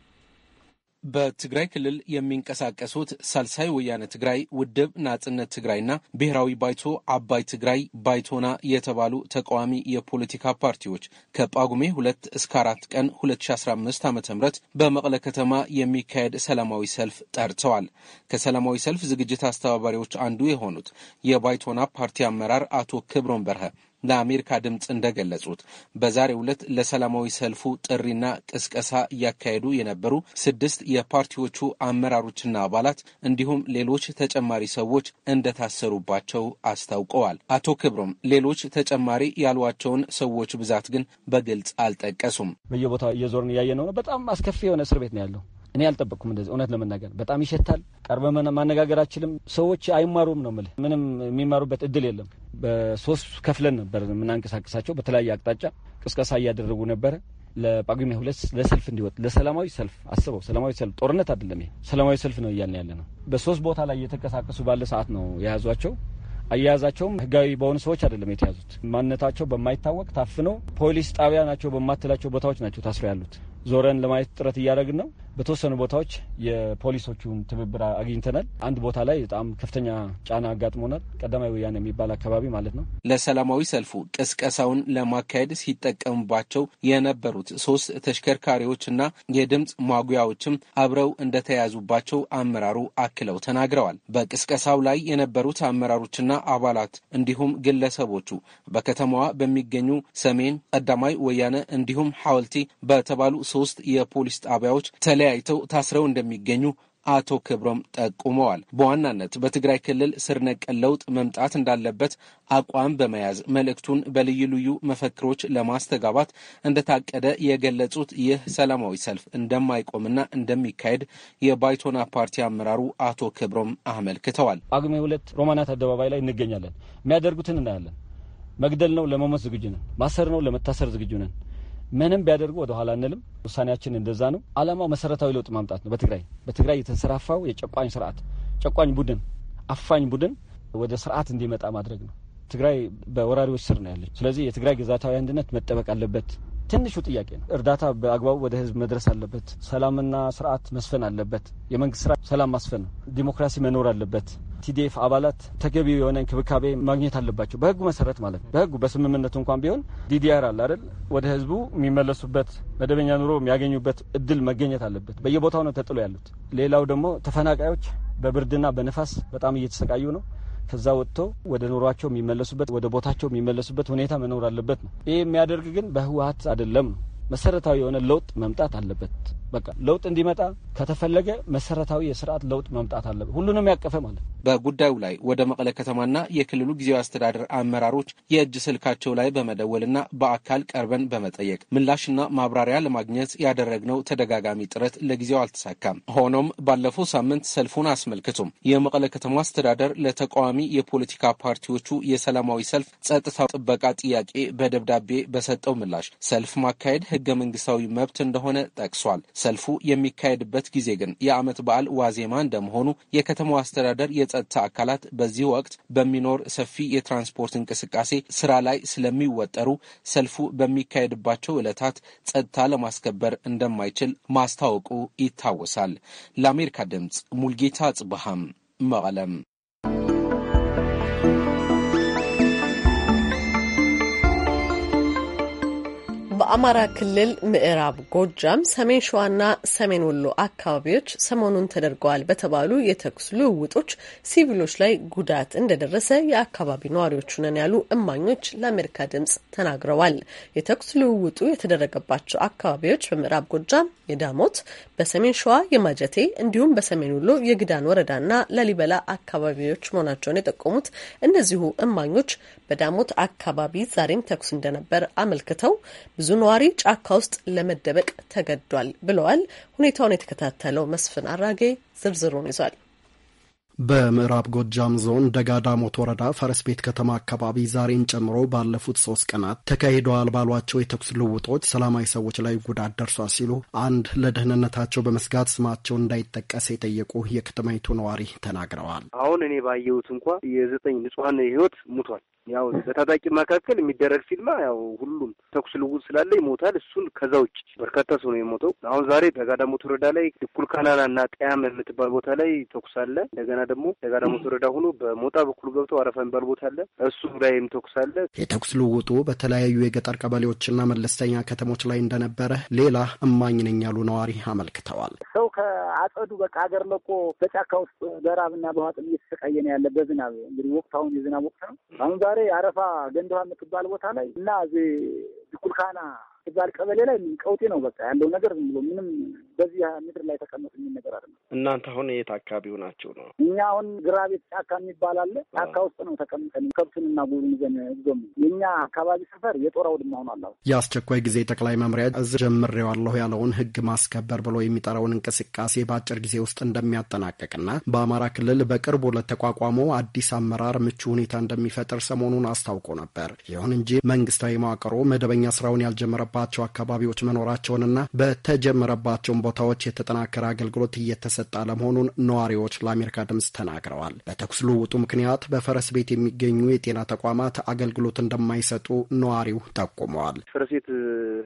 በትግራይ ክልል የሚንቀሳቀሱት ሳልሳይ ወያነ ትግራይ፣ ውድብ ናጽነት ትግራይና ብሔራዊ ባይቶ አባይ ትግራይ ባይቶና የተባሉ ተቃዋሚ የፖለቲካ ፓርቲዎች ከጳጉሜ ሁለት እስከ አራት ቀን 2015 ዓ ም በመቀለ ከተማ የሚካሄድ ሰላማዊ ሰልፍ ጠርተዋል። ከሰላማዊ ሰልፍ ዝግጅት አስተባባሪዎች አንዱ የሆኑት የባይቶና ፓርቲ አመራር አቶ ክብሮን በርሀ ለአሜሪካ ድምፅ እንደገለጹት በዛሬው ዕለት ለሰላማዊ ሰልፉ ጥሪና ቅስቀሳ እያካሄዱ የነበሩ ስድስት የፓርቲዎቹ አመራሮችና አባላት እንዲሁም ሌሎች ተጨማሪ ሰዎች እንደታሰሩባቸው አስታውቀዋል። አቶ ክብሮም ሌሎች ተጨማሪ ያሏቸውን ሰዎች ብዛት ግን በግልጽ አልጠቀሱም። በየቦታው እየዞርን እያየ ነው። በጣም አስከፊ የሆነ እስር ቤት ነው ያለው። እኔ አልጠበቅኩም። እንደዚህ እውነት ለመናገር በጣም ይሸታል። ቀርበ ማነጋገር አችልም። ሰዎች አይማሩም ነው የምልህ። ምንም የሚማሩበት እድል የለም። በሶስት ከፍለን ነበር የምናንቀሳቀሳቸው። በተለያየ አቅጣጫ ቅስቀሳ እያደረጉ ነበረ። ለጳጉሜ ሁለት ለሰልፍ እንዲወጥ ለሰላማዊ ሰልፍ አስበው፣ ሰላማዊ ሰልፍ ጦርነት አይደለም፣ ይሄ ሰላማዊ ሰልፍ ነው እያልን ያለ ነው። በሶስት ቦታ ላይ እየተንቀሳቀሱ ባለ ሰዓት ነው የያዟቸው። አያያዛቸውም ህጋዊ በሆኑ ሰዎች አይደለም የተያዙት። ማንነታቸው በማይታወቅ ታፍነው ፖሊስ ጣቢያ ናቸው በማትላቸው ቦታዎች ናቸው ታስረው ያሉት። ዞረን ለማየት ጥረት እያደረግን ነው። በተወሰኑ ቦታዎች የፖሊሶቹን ትብብር አግኝተናል። አንድ ቦታ ላይ በጣም ከፍተኛ ጫና አጋጥሞናል። ቀዳማዊ ወያኔ የሚባል አካባቢ ማለት ነው። ለሰላማዊ ሰልፉ ቅስቀሳውን ለማካሄድ ሲጠቀሙባቸው የነበሩት ሶስት ተሽከርካሪዎች እና የድምፅ ማጉያዎችም አብረው እንደተያዙባቸው አመራሩ አክለው ተናግረዋል። በቅስቀሳው ላይ የነበሩት አመራሮችና አባላት እንዲሁም ግለሰቦቹ በከተማዋ በሚገኙ ሰሜን ቀዳማዊ ወያነ እንዲሁም ሐወልቲ በተባሉ ሶስት የፖሊስ ጣቢያዎች ተለ ተለያይተው ታስረው እንደሚገኙ አቶ ክብሮም ጠቁመዋል። በዋናነት በትግራይ ክልል ስር ነቀል ለውጥ መምጣት እንዳለበት አቋም በመያዝ መልእክቱን በልዩ ልዩ መፈክሮች ለማስተጋባት እንደታቀደ የገለጹት ይህ ሰላማዊ ሰልፍ እንደማይቆምና እንደሚካሄድ የባይቶና ፓርቲ አመራሩ አቶ ክብሮም አመልክተዋል። ጳጉሜ ሁለት ሮማናት አደባባይ ላይ እንገኛለን። የሚያደርጉትን እናያለን። መግደል ነው ለመሞት ዝግጁ ነን። ማሰር ነው ለመታሰር ዝግጁ ነን። ምንም ቢያደርጉ ወደኋላ አንልም። ውሳኔያችን እንደዛ ነው። አላማው መሰረታዊ ለውጥ ማምጣት ነው። በትግራይ በትግራይ የተንሰራፋው የጨቋኝ ስርዓት፣ ጨቋኝ ቡድን፣ አፋኝ ቡድን ወደ ስርዓት እንዲመጣ ማድረግ ነው። ትግራይ በወራሪዎች ስር ነው ያለች። ስለዚህ የትግራይ ግዛታዊ አንድነት መጠበቅ አለበት። ትንሹ ጥያቄ ነው። እርዳታ በአግባቡ ወደ ህዝብ መድረስ አለበት። ሰላምና ስርዓት መስፈን አለበት። የመንግስት ስራ ሰላም ማስፈን፣ ነው ዲሞክራሲ መኖር አለበት። ቲዲኤፍ አባላት ተገቢው የሆነ እንክብካቤ ማግኘት አለባቸው። በህጉ መሰረት ማለት ነው። በህጉ በስምምነቱ እንኳን ቢሆን ዲዲአር አለ አይደል? ወደ ህዝቡ የሚመለሱበት መደበኛ ኑሮ የሚያገኙበት እድል መገኘት አለበት። በየቦታው ነው ተጥሎ ያሉት። ሌላው ደግሞ ተፈናቃዮች በብርድና በንፋስ በጣም እየተሰቃዩ ነው። ከዛ ወጥቶ ወደ ኑሯቸው የሚመለሱበት ወደ ቦታቸው የሚመለሱበት ሁኔታ መኖር አለበት ነው። ይህ የሚያደርግ ግን በህወሀት አይደለም ነው መሰረታዊ የሆነ ለውጥ መምጣት አለበት። በቃ ለውጥ እንዲመጣ ከተፈለገ መሰረታዊ የስርዓት ለውጥ መምጣት አለበት፣ ሁሉንም ያቀፈ ማለት ነው። በጉዳዩ ላይ ወደ መቀለ ከተማና የክልሉ ጊዜያዊ አስተዳደር አመራሮች የእጅ ስልካቸው ላይ በመደወልና በአካል ቀርበን በመጠየቅ ምላሽና ማብራሪያ ለማግኘት ያደረግነው ተደጋጋሚ ጥረት ለጊዜው አልተሳካም። ሆኖም ባለፈው ሳምንት ሰልፉን አስመልክቶም የመቀለ ከተማ አስተዳደር ለተቃዋሚ የፖለቲካ ፓርቲዎቹ የሰላማዊ ሰልፍ ጸጥታ ጥበቃ ጥያቄ በደብዳቤ በሰጠው ምላሽ ሰልፍ ማካሄድ ህገ መንግስታዊ መብት እንደሆነ ጠቅሷል። ሰልፉ የሚካሄድበት ጊዜ ግን የዓመት በዓል ዋዜማ እንደመሆኑ የከተማው አስተዳደር የጸጥታ አካላት በዚህ ወቅት በሚኖር ሰፊ የትራንስፖርት እንቅስቃሴ ስራ ላይ ስለሚወጠሩ ሰልፉ በሚካሄድባቸው ዕለታት ጸጥታ ለማስከበር እንደማይችል ማስታወቁ ይታወሳል። ለአሜሪካ ድምፅ ሙልጌታ ጽብሃም መቀለም በአማራ ክልል ምዕራብ ጎጃም፣ ሰሜን ሸዋና ሰሜን ወሎ አካባቢዎች ሰሞኑን ተደርገዋል በተባሉ የተኩስ ልውውጦች ሲቪሎች ላይ ጉዳት እንደደረሰ የአካባቢ ነዋሪዎች ነን ያሉ እማኞች ለአሜሪካ ድምጽ ተናግረዋል። የተኩስ ልውውጡ የተደረገባቸው አካባቢዎች በምዕራብ ጎጃም የዳሞት፣ በሰሜን ሸዋ የማጀቴ እንዲሁም በሰሜን ወሎ የግዳን ወረዳና ላሊበላ አካባቢዎች መሆናቸውን የጠቆሙት እነዚሁ እማኞች በዳሞት አካባቢ ዛሬም ተኩስ እንደነበር አመልክተው ብዙ ነዋሪ ጫካ ውስጥ ለመደበቅ ተገዷል ብለዋል። ሁኔታውን የተከታተለው መስፍን አራጌ ዝርዝሩን ይዟል። በምዕራብ ጎጃም ዞን ደጋዳሞት ወረዳ ፈረስ ቤት ከተማ አካባቢ ዛሬን ጨምሮ ባለፉት ሶስት ቀናት ተካሂደዋል ባሏቸው የተኩስ ልውጦች ሰላማዊ ሰዎች ላይ ጉዳት ደርሷል ሲሉ አንድ ለደህንነታቸው በመስጋት ስማቸው እንዳይጠቀስ የጠየቁ የከተማይቱ ነዋሪ ተናግረዋል። አሁን እኔ ባየሁት እንኳ የዘጠኝ ንጹሐን ሕይወት ሙቷል። ያው በታጣቂ መካከል የሚደረግ ፊልማ ያው ሁሉም ተኩስ ልውጥ ስላለ ይሞታል። እሱን ከዛ ውጭ በርካታ ሰው ነው የሞተው። አሁን ዛሬ ደጋዳሞት ወረዳ ላይ ድኩል ካናና እና ቀያም የምትባል ቦታ ላይ ተኩስ አለ። እንደገና ደግሞ ደጋዳሞት ወረዳ ሆኖ በሞጣ በኩል ገብተው አረፋ የሚባል ቦታ አለ። እሱ ላይም ተኩስ አለ። የተኩስ ልውጡ በተለያዩ የገጠር ቀበሌዎችና መለስተኛ ከተሞች ላይ እንደነበረ ሌላ እማኝ ነኝ ያሉ ነዋሪ አመልክተዋል። ሰው ከአጸዱ በቃ አገር ለቆ በጫካ ውስጥ በራብና በዋጥም እየተሰቃየ ነው ያለ በዝናብ እንግዲህ ወቅት አሁን የዝናብ ወቅት ነው አሁን ዛሬ አረፋ ገንደዋ የምትባል ቦታ ላይ እና ዚ ዲኩልካና ትባል ቀበሌ ላይ ቀውጤ ነው በቃ ያለው ነገር ዝም ብሎ ምንም በዚህ ምድር ላይ ተቀመጥ የሚል ነገር አለ። እናንተ አሁን የት አካባቢው ናቸው ነው? እኛ አሁን ቤት ጫካ የሚባል አለ። ጫካ ውስጥ ነው ተቀምጠን ከብቱንና ጉሩን ይዘን ዞም የእኛ አካባቢ ሰፈር የጦር አውድማ ሆኗል። አለ የአስቸኳይ ጊዜ ጠቅላይ መምሪያ እዝ ጀምሬዋለሁ ያለውን ህግ ማስከበር ብሎ የሚጠራውን እንቅስቃሴ በአጭር ጊዜ ውስጥ እንደሚያጠናቀቅና በአማራ ክልል በቅርቡ ለተቋቋመው አዲስ አመራር ምቹ ሁኔታ እንደሚፈጥር ሰሞኑን አስታውቆ ነበር። ይሁን እንጂ መንግስታዊ መዋቅሮ መደበኛ ስራውን ያልጀመረባቸው አካባቢዎች መኖራቸውንና በተጀመረባቸውን ቦታዎች የተጠናከረ አገልግሎት እየተሰጠ አለመሆኑን ነዋሪዎች ለአሜሪካ ድምፅ ተናግረዋል። በተኩስ ልውውጡ ምክንያት በፈረስ ቤት የሚገኙ የጤና ተቋማት አገልግሎት እንደማይሰጡ ነዋሪው ጠቁመዋል። ፈረስ ቤት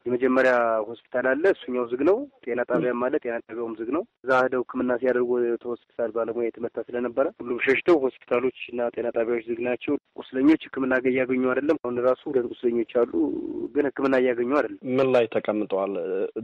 የመጀመሪያ ሆስፒታል አለ፣ እሱኛው ዝግ ነው። ጤና ጣቢያም አለ፣ ጤና ጣቢያውም ዝግ ነው። እዛ ሄደው ሕክምና ሲያደርጉ ሆስፒታል ባለሙያ የተመታ ስለነበረ ሁሉም ሸሽተው ሆስፒታሎች እና ጤና ጣቢያዎች ዝግ ናቸው። ቁስለኞች ሕክምና እያገኙ አይደለም። አሁን ራሱ ሁለት ቁስለኞች አሉ፣ ግን ሕክምና እያገኙ አይደለም። ምን ላይ ተቀምጠዋል?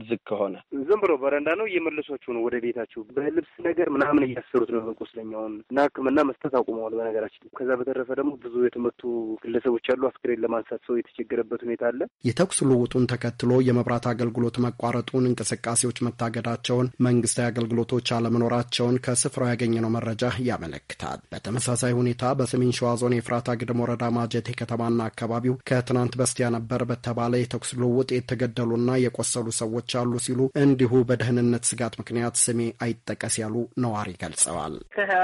ዝግ ከሆነ ዝም ብሎ በረ ፕሮፓጋንዳ ነው እየመለሷቸው ነው ወደ ቤታቸው በልብስ ነገር ምናምን እያሰሩት ነው ቁስለኛውን እና ሕክምና መስጠት አቁመዋል። በነገራችን ከዛ በተረፈ ደግሞ ብዙ የተመቱ ግለሰቦች አሉ። አስክሬን ለማንሳት ሰው የተቸገረበት ሁኔታ አለ። የተኩስ ልውጡን ተከትሎ የመብራት አገልግሎት መቋረጡን፣ እንቅስቃሴዎች መታገዳቸውን፣ መንግስታዊ አገልግሎቶች አለመኖራቸውን ከስፍራው ያገኘነው መረጃ ያመለክታል። በተመሳሳይ ሁኔታ በሰሜን ሸዋ ዞን የፍራታ ግድም ወረዳ ማጀቴ ከተማና አካባቢው ከትናንት በስቲያ ነበር በተባለ የተኩስ ልውጥ የተገደሉና የቆሰሉ ሰዎች አሉ ሲሉ እንዲሁ በደህ የደህንነት ስጋት ምክንያት ስሜ አይጠቀስ ያሉ ነዋሪ ገልጸዋል። ከሀያ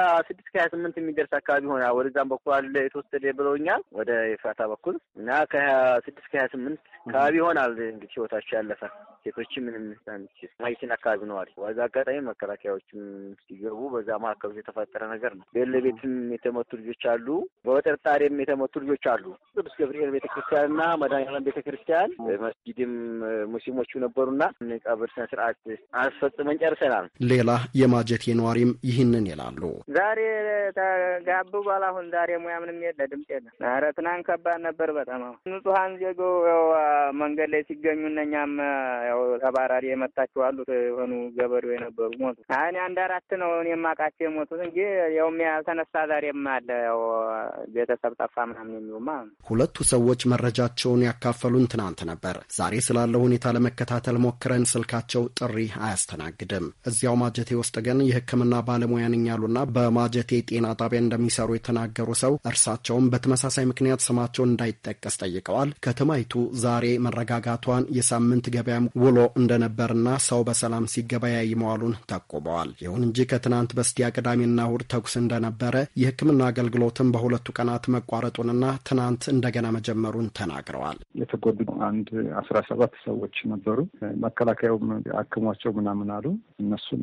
ከሀያ ስምንት የሚደርስ አካባቢ ሆና ወደዛም በኩል አለ የተወሰደ ብለውኛል። ወደ የፋታ በኩል እና ከሀያ ከሀያ ስምንት አካባቢ ይሆናል እንግዲህ ህይወታቸው ያለፈ ሴቶችም ምንም ሳንች ማይችን አካባቢ ነዋሪ ዋዛ አጋጣሚ መከላከያዎችም ሲገቡ በዛ ማዕከሉ የተፈጠረ ነገር ነው። ቤለ ቤትም የተመቱ ልጆች አሉ። በጥርጣሬም የተመቱ ልጆች አሉ። ቅዱስ ገብርኤል ቤተክርስቲያንና መድኃኔዓለም ቤተክርስቲያን መስጊድም ሙስሊሞቹ ነበሩና ቀብር ስነ ስርዓት አስፈጽመን ጨርሰናል። ሌላ የማጀቴ ነዋሪም ይህንን ይላሉ። ዛሬ ተጋብቧል። አሁን ዛሬ ሙያ ምንም የለ ድምፅ የለ። ኧረ ትናንት ከባድ ነበር በጣም ንጹሀን ዜጎ መንገድ ላይ ሲገኙ እነኛም ያው ተባራሪ የመታቸው አሉት የሆኑ ገበሬው የነበሩ ሞቱ። እኔ አንድ አራት ነው እኔ የማውቃቸው የሞቱት እንጂ ያውም ያልተነሳ ዛሬም አለ ያው ቤተሰብ ጠፋ ምናምን የሚሉማ። ሁለቱ ሰዎች መረጃቸውን ያካፈሉን ትናንት ነበር። ዛሬ ስላለው ሁኔታ ለመከታተል ሞክረን ስልካቸው ጥሪ አያስተናግድም። እዚያው ማጀቴ ውስጥ ግን የሕክምና ባለሙያ ነኝ ያሉና በማጀቴ ጤና ጣቢያ እንደሚሰሩ የተናገሩ ሰው እርሳቸውም በተመሳሳይ ምክንያት ስማቸውን እንዳይጠቀስ ጠይቀዋል። ከተማይቱ ዛሬ መረጋጋቷን የሳምንት ገበያም ውሎ እንደነበርና ሰው በሰላም ሲገበያይ መዋሉን ጠቁመዋል። ይሁን እንጂ ከትናንት በስቲያ ቅዳሜና እሁድ ተኩስ እንደነበረ የሕክምና አገልግሎትን በሁለቱ ቀናት መቋረጡንና ትናንት እንደገና መጀመሩን ተናግረዋል። የተጎዱ አንድ አስራ ሰባት ሰዎች ነበሩ። መከላከያውም አክሟቸው ምናምን አሉ። እነሱን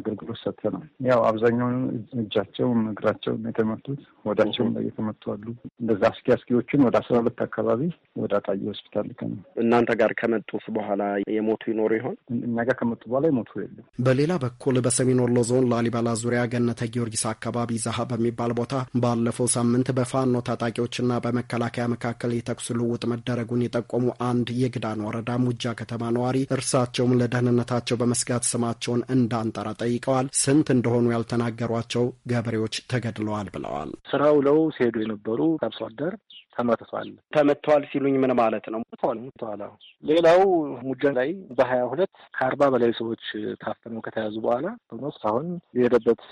አገልግሎት ሰጥተናል። ያው አብዛኛውን እጃቸው እግራቸው የተመቱት ወዳቸውን ላይ የተመቱ አሉ። እንደዛ አስኪ አስኪዎቹን ወደ አስራ ሁለት አካባቢ ወደ አጣዬ ሆስፒታል ልከናል። እናንተ ጋር ከመጡት በኋላ የሞቱ ይኖሩ ይሆን? እኛ ጋር ከመጡ በኋላ የሞቱ የለም። በሌላ በኩል በሰሜን ወሎ ዞን ላሊበላ ዙሪያ ገነተ ጊዮርጊስ አካባቢ ዛሃ በሚባል ቦታ ባለፈው ሳምንት በፋኖ ታጣቂዎችና በመከላከያ መካከል የተኩስ ልውውጥ መደረጉን የጠቆሙ አንድ የግዳን ወረዳ ሙጃ ከተማ ነዋሪ እርሳቸውም ለደህንነታቸው በመስጋት ስማቸውን እንዳንጠራ ጠይቀዋል። ስንት እንደሆኑ ያልተናገሯቸው ገበሬዎች ተገድለዋል ብለዋል። ስራ ውለው ሲሄዱ የነበሩ አርሶ አደር ተመትቷል። ተመትቷል ሲሉኝ ምን ማለት ነው? ሙተዋል ሙተዋል። ሌላው ሙጃ ላይ በሀያ ሁለት ከአርባ በላይ ሰዎች ታፍነው ከተያዙ በኋላ በሞስ አሁን የሄደበት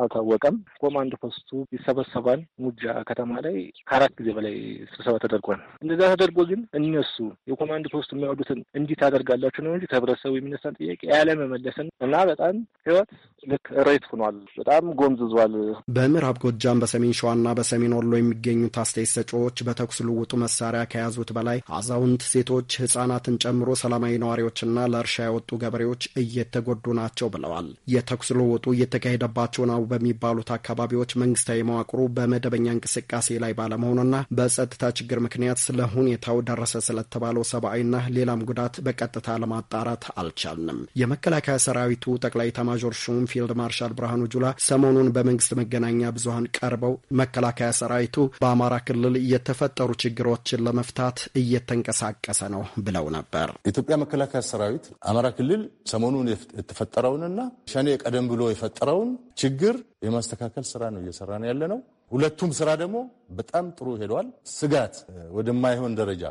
አልታወቀም። ኮማንድ ፖስቱ ይሰበሰባል። ሙጃ ከተማ ላይ ከአራት ጊዜ በላይ ስብሰባ ተደርጓል። እንደዛ ተደርጎ ግን እነሱ የኮማንድ ፖስቱ የሚያወዱትን እንዲህ ታደርጋላችሁ ነው እንጂ ከህብረተሰቡ የሚነሳን ጥያቄ ያለመመለስን እና በጣም ህይወት ልክ ሬት ሆኗል። በጣም ጎምዝዟል። በምዕራብ ጎጃም በሰሜን ሸዋና በሰሜን ወሎ የሚገኙት አስተያየት ሰጪዎች በተኩስ ልውጡ መሳሪያ ከያዙት በላይ አዛውንት፣ ሴቶች፣ ህጻናትን ጨምሮ ሰላማዊ ነዋሪዎችና ለእርሻ የወጡ ገበሬዎች እየተጎዱ ናቸው ብለዋል። የተኩስ ልውጡ እየተካሄደባቸው ነው በሚባሉት አካባቢዎች መንግስታዊ መዋቅሩ በመደበኛ እንቅስቃሴ ላይ ባለመሆኑና በጸጥታ ችግር ምክንያት ስለ ሁኔታው ደረሰ ስለተባለው ሰብአዊና ሌላም ጉዳት በቀጥታ ለማጣራት አልቻልንም። የመከላከያ ሰራዊቱ ጠቅላይ ኤታማዦር ሹም ፊልድ ማርሻል ብርሃኑ ጁላ ሰሞኑን በመንግስት መገናኛ ብዙሀን ቀርበው መከላከያ ሰራዊቱ በአማራ ክልል የተፈጠሩ ችግሮችን ለመፍታት እየተንቀሳቀሰ ነው ብለው ነበር። የኢትዮጵያ መከላከያ ሰራዊት አማራ ክልል ሰሞኑን የተፈጠረውንና ሸኔ ቀደም ብሎ የፈጠረውን ችግር የማስተካከል ስራ ነው እየሰራ ነው ያለ ነው። ሁለቱም ስራ ደግሞ በጣም ጥሩ ሄደዋል። ስጋት ወደማይሆን ደረጃ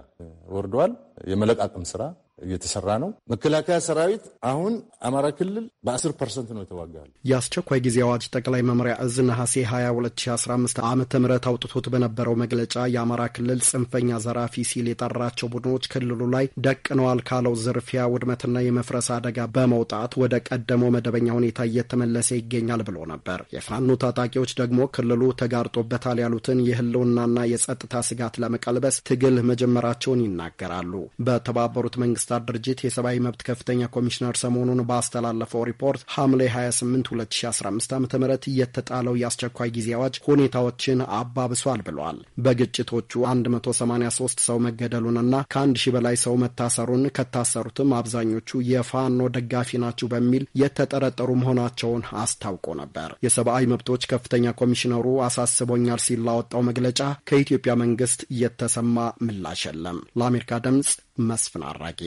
ወርደዋል። የመለቃቅም ስራ እየተሰራ ነው። መከላከያ ሰራዊት አሁን አማራ ክልል በ10 ፐርሰንት ነው የተዋጋል። የአስቸኳይ ጊዜ አዋጅ ጠቅላይ መምሪያ እዝ ነሐሴ 22 2015 ዓ ም አውጥቶት በነበረው መግለጫ የአማራ ክልል ጽንፈኛ ዘራፊ ሲል የጠራቸው ቡድኖች ክልሉ ላይ ደቅነዋል ካለው ዝርፊያ፣ ውድመትና የመፍረስ አደጋ በመውጣት ወደ ቀደመው መደበኛ ሁኔታ እየተመለሰ ይገኛል ብሎ ነበር። የፋኖ ታጣቂዎች ደግሞ ክልሉ ተጋርጦበታል ያሉትን የህልውናና የጸጥታ ስጋት ለመቀልበስ ትግል መጀመራቸውን ይናገራሉ። በተባበሩት መንግስታት መንግስታት ድርጅት የሰብአዊ መብት ከፍተኛ ኮሚሽነር ሰሞኑን ባስተላለፈው ሪፖርት ሐምሌ 28 2015 ዓ ም የተጣለው የአስቸኳይ ጊዜ አዋጅ ሁኔታዎችን አባብሷል ብሏል። በግጭቶቹ 183 ሰው መገደሉንና ከ1000 በላይ ሰው መታሰሩን ከታሰሩትም አብዛኞቹ የፋኖ ደጋፊ ናቸው በሚል የተጠረጠሩ መሆናቸውን አስታውቆ ነበር። የሰብአዊ መብቶች ከፍተኛ ኮሚሽነሩ አሳስቦኛል ሲል ላወጣው መግለጫ ከኢትዮጵያ መንግስት የተሰማ ምላሽ የለም። ለአሜሪካ ድምፅ መስፍን አራጌ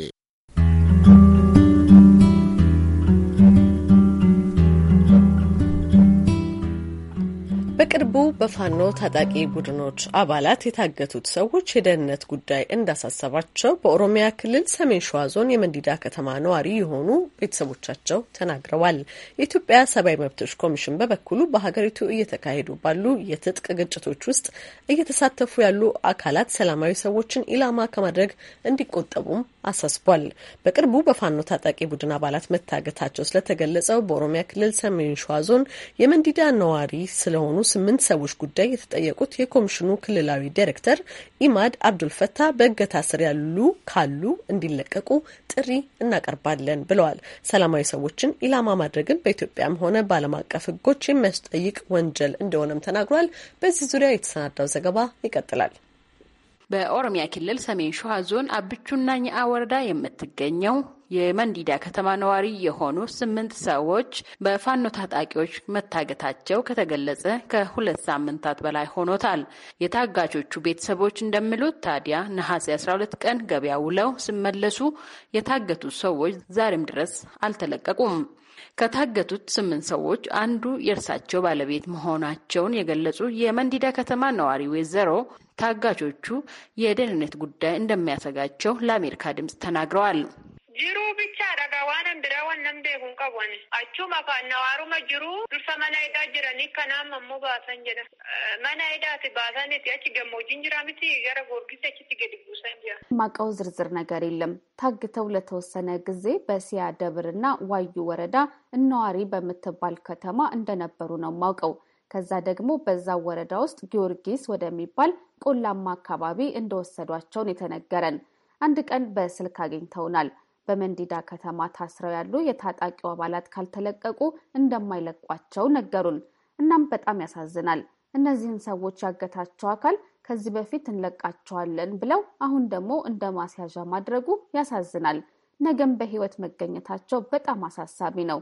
በቅርቡ በፋኖ ታጣቂ ቡድኖች አባላት የታገቱት ሰዎች የደህንነት ጉዳይ እንዳሳሰባቸው በኦሮሚያ ክልል ሰሜን ሸዋ ዞን የመንዲዳ ከተማ ነዋሪ የሆኑ ቤተሰቦቻቸው ተናግረዋል። የኢትዮጵያ ሰብአዊ መብቶች ኮሚሽን በበኩሉ በሀገሪቱ እየተካሄዱ ባሉ የትጥቅ ግጭቶች ውስጥ እየተሳተፉ ያሉ አካላት ሰላማዊ ሰዎችን ኢላማ ከማድረግ እንዲቆጠቡም አሳስቧል። በቅርቡ በፋኖ ታጣቂ ቡድን አባላት መታገታቸው ስለተገለጸው በኦሮሚያ ክልል ሰሜን ሸዋ ዞን የመንዲዳ ነዋሪ ስለሆኑ ስምንት ሰዎች ጉዳይ የተጠየቁት የኮሚሽኑ ክልላዊ ዲሬክተር ኢማድ አብዱልፈታ በእገታ ስር ያሉ ካሉ እንዲለቀቁ ጥሪ እናቀርባለን ብለዋል። ሰላማዊ ሰዎችን ኢላማ ማድረግን በኢትዮጵያም ሆነ በዓለም አቀፍ ሕጎች የሚያስጠይቅ ወንጀል እንደሆነም ተናግሯል። በዚህ ዙሪያ የተሰናዳው ዘገባ ይቀጥላል። በኦሮሚያ ክልል ሰሜን ሸዋ ዞን አብቹና ኛአ ወረዳ የምትገኘው የመንዲዳ ከተማ ነዋሪ የሆኑ ስምንት ሰዎች በፋኖ ታጣቂዎች መታገታቸው ከተገለጸ ከሁለት ሳምንታት በላይ ሆኖታል። የታጋቾቹ ቤተሰቦች እንደሚሉት ታዲያ ነሐሴ 12 ቀን ገበያ ውለው ሲመለሱ የታገቱ ሰዎች ዛሬም ድረስ አልተለቀቁም። ከታገቱት ስምንት ሰዎች አንዱ የእርሳቸው ባለቤት መሆናቸውን የገለጹ የመንዲዳ ከተማ ነዋሪ ወይዘሮ ታጋቾቹ የደህንነት ጉዳይ እንደሚያሰጋቸው ለአሜሪካ ድምፅ ተናግረዋል። jiru bicha dhagaa waan hanbira wan nan beekun qaban achuma afaan nawaaruma jiru dursa mana ida hidhaa jiranii kanaaf ammoo baasan jedha mana hidhaati baasaniti achi gammoojin jira miti gara goorgisa achitti gadi buusan jira ማቀው ዝርዝር ነገር የለም። ታግተው ለተወሰነ ጊዜ በሲያ ደብርና ዋዩ ወረዳ እነዋሪ በምትባል ከተማ እንደነበሩ ነው ማውቀው። ከዛ ደግሞ በዛ ወረዳ ውስጥ ጊዮርጊስ ወደሚባል ቆላማ አካባቢ እንደወሰዷቸውን የተነገረን። አንድ ቀን በስልክ አግኝተውናል። በመንዲዳ ከተማ ታስረው ያሉ የታጣቂው አባላት ካልተለቀቁ እንደማይለቋቸው ነገሩን። እናም በጣም ያሳዝናል። እነዚህን ሰዎች ያገታቸው አካል ከዚህ በፊት እንለቃቸዋለን ብለው አሁን ደግሞ እንደ ማስያዣ ማድረጉ ያሳዝናል። ነገም በህይወት መገኘታቸው በጣም አሳሳቢ ነው።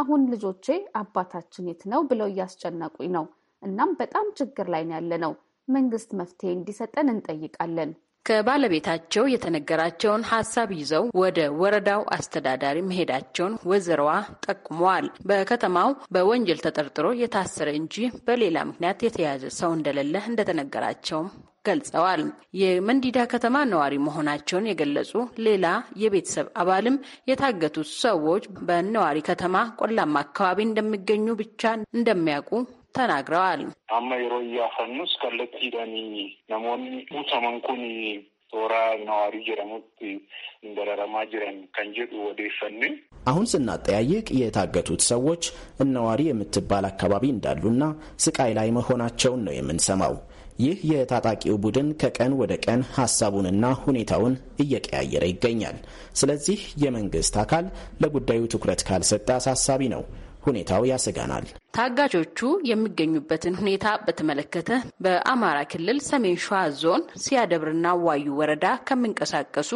አሁን ልጆቼ አባታችን የት ነው ብለው እያስጨነቁኝ ነው። እናም በጣም ችግር ላይ ያለ ነው። መንግስት መፍትሄ እንዲሰጠን እንጠይቃለን ከባለቤታቸው የተነገራቸውን ሀሳብ ይዘው ወደ ወረዳው አስተዳዳሪ መሄዳቸውን ወይዘሮዋ ጠቁመዋል። በከተማው በወንጀል ተጠርጥሮ የታሰረ እንጂ በሌላ ምክንያት የተያዘ ሰው እንደሌለ እንደተነገራቸውም ገልጸዋል። የመንዲዳ ከተማ ነዋሪ መሆናቸውን የገለጹ ሌላ የቤተሰብ አባልም የታገቱት ሰዎች በነዋሪ ከተማ ቆላማ አካባቢ እንደሚገኙ ብቻ እንደሚያውቁ ተናግረዋል። አሁን ስናጠያይቅ የታገቱት ሰዎች እነዋሪ የምትባል አካባቢ እንዳሉና ስቃይ ላይ መሆናቸውን ነው የምንሰማው። ይህ የታጣቂው ቡድን ከቀን ወደ ቀን ሀሳቡንና ሁኔታውን እየቀያየረ ይገኛል። ስለዚህ የመንግስት አካል ለጉዳዩ ትኩረት ካልሰጠ አሳሳቢ ነው። ሁኔታው ያሰጋናል። ታጋቾቹ የሚገኙበትን ሁኔታ በተመለከተ በአማራ ክልል ሰሜን ሸዋ ዞን ሲያደብርና ዋዩ ወረዳ ከሚንቀሳቀሱ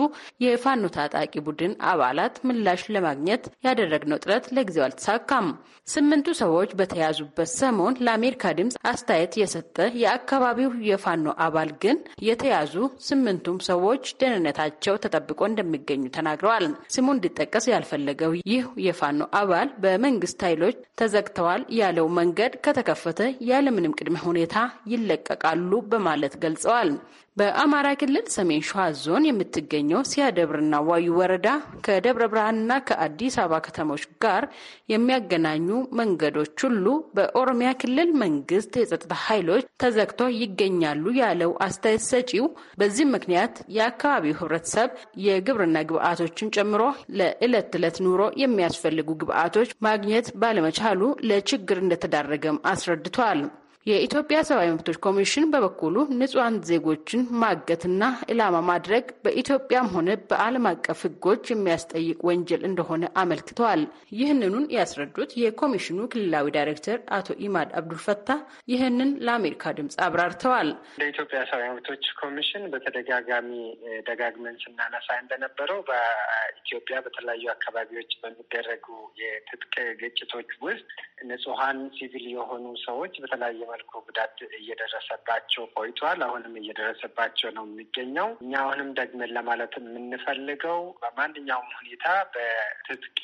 የፋኖ ታጣቂ ቡድን አባላት ምላሽ ለማግኘት ያደረግነው ጥረት ለጊዜው አልተሳካም። ስምንቱ ሰዎች በተያዙበት ሰሞን ለአሜሪካ ድምፅ አስተያየት የሰጠ የአካባቢው የፋኖ አባል ግን የተያዙ ስምንቱም ሰዎች ደህንነታቸው ተጠብቆ እንደሚገኙ ተናግረዋል። ስሙ እንዲጠቀስ ያልፈለገው ይህ የፋኖ አባል በመንግስት ኃይሎች ተዘግተዋል ያለው መንገድ ከተከፈተ ያለምንም ቅድመ ሁኔታ ይለቀቃሉ በማለት ገልጸዋል። በአማራ ክልል ሰሜን ሸዋ ዞን የምትገኘው ሲያደብርና ዋዩ ወረዳ ከደብረ ብርሃንና ከአዲስ አበባ ከተሞች ጋር የሚያገናኙ መንገዶች ሁሉ በኦሮሚያ ክልል መንግስት የጸጥታ ኃይሎች ተዘግቶ ይገኛሉ ያለው አስተያየት ሰጪው፣ በዚህም ምክንያት የአካባቢው ህብረተሰብ የግብርና ግብአቶችን ጨምሮ ለዕለት ተዕለት ኑሮ የሚያስፈልጉ ግብአቶች ማግኘት ባለመቻሉ ለችግር እንደተዳረገም አስረድቷል። የኢትዮጵያ ሰብአዊ መብቶች ኮሚሽን በበኩሉ ንጹሐን ዜጎችን ማገትና ኢላማ ማድረግ በኢትዮጵያም ሆነ በዓለም አቀፍ ሕጎች የሚያስጠይቅ ወንጀል እንደሆነ አመልክተዋል። ይህንኑን ያስረዱት የኮሚሽኑ ክልላዊ ዳይሬክተር አቶ ኢማድ አብዱልፈታ ይህንን ለአሜሪካ ድምፅ አብራርተዋል። ለኢትዮጵያ ሰብአዊ መብቶች ኮሚሽን በተደጋጋሚ ደጋግመን ስናነሳ እንደነበረው በኢትዮጵያ በተለያዩ አካባቢዎች በሚደረጉ የትጥቅ ግጭቶች ውስጥ ንጹሐን ሲቪል የሆኑ ሰዎች በተለያየ መልኩ ጉዳት እየደረሰባቸው ቆይቷል። አሁንም እየደረሰባቸው ነው የሚገኘው። እኛ አሁንም ደግመን ለማለት የምንፈልገው በማንኛውም ሁኔታ በትጥቅ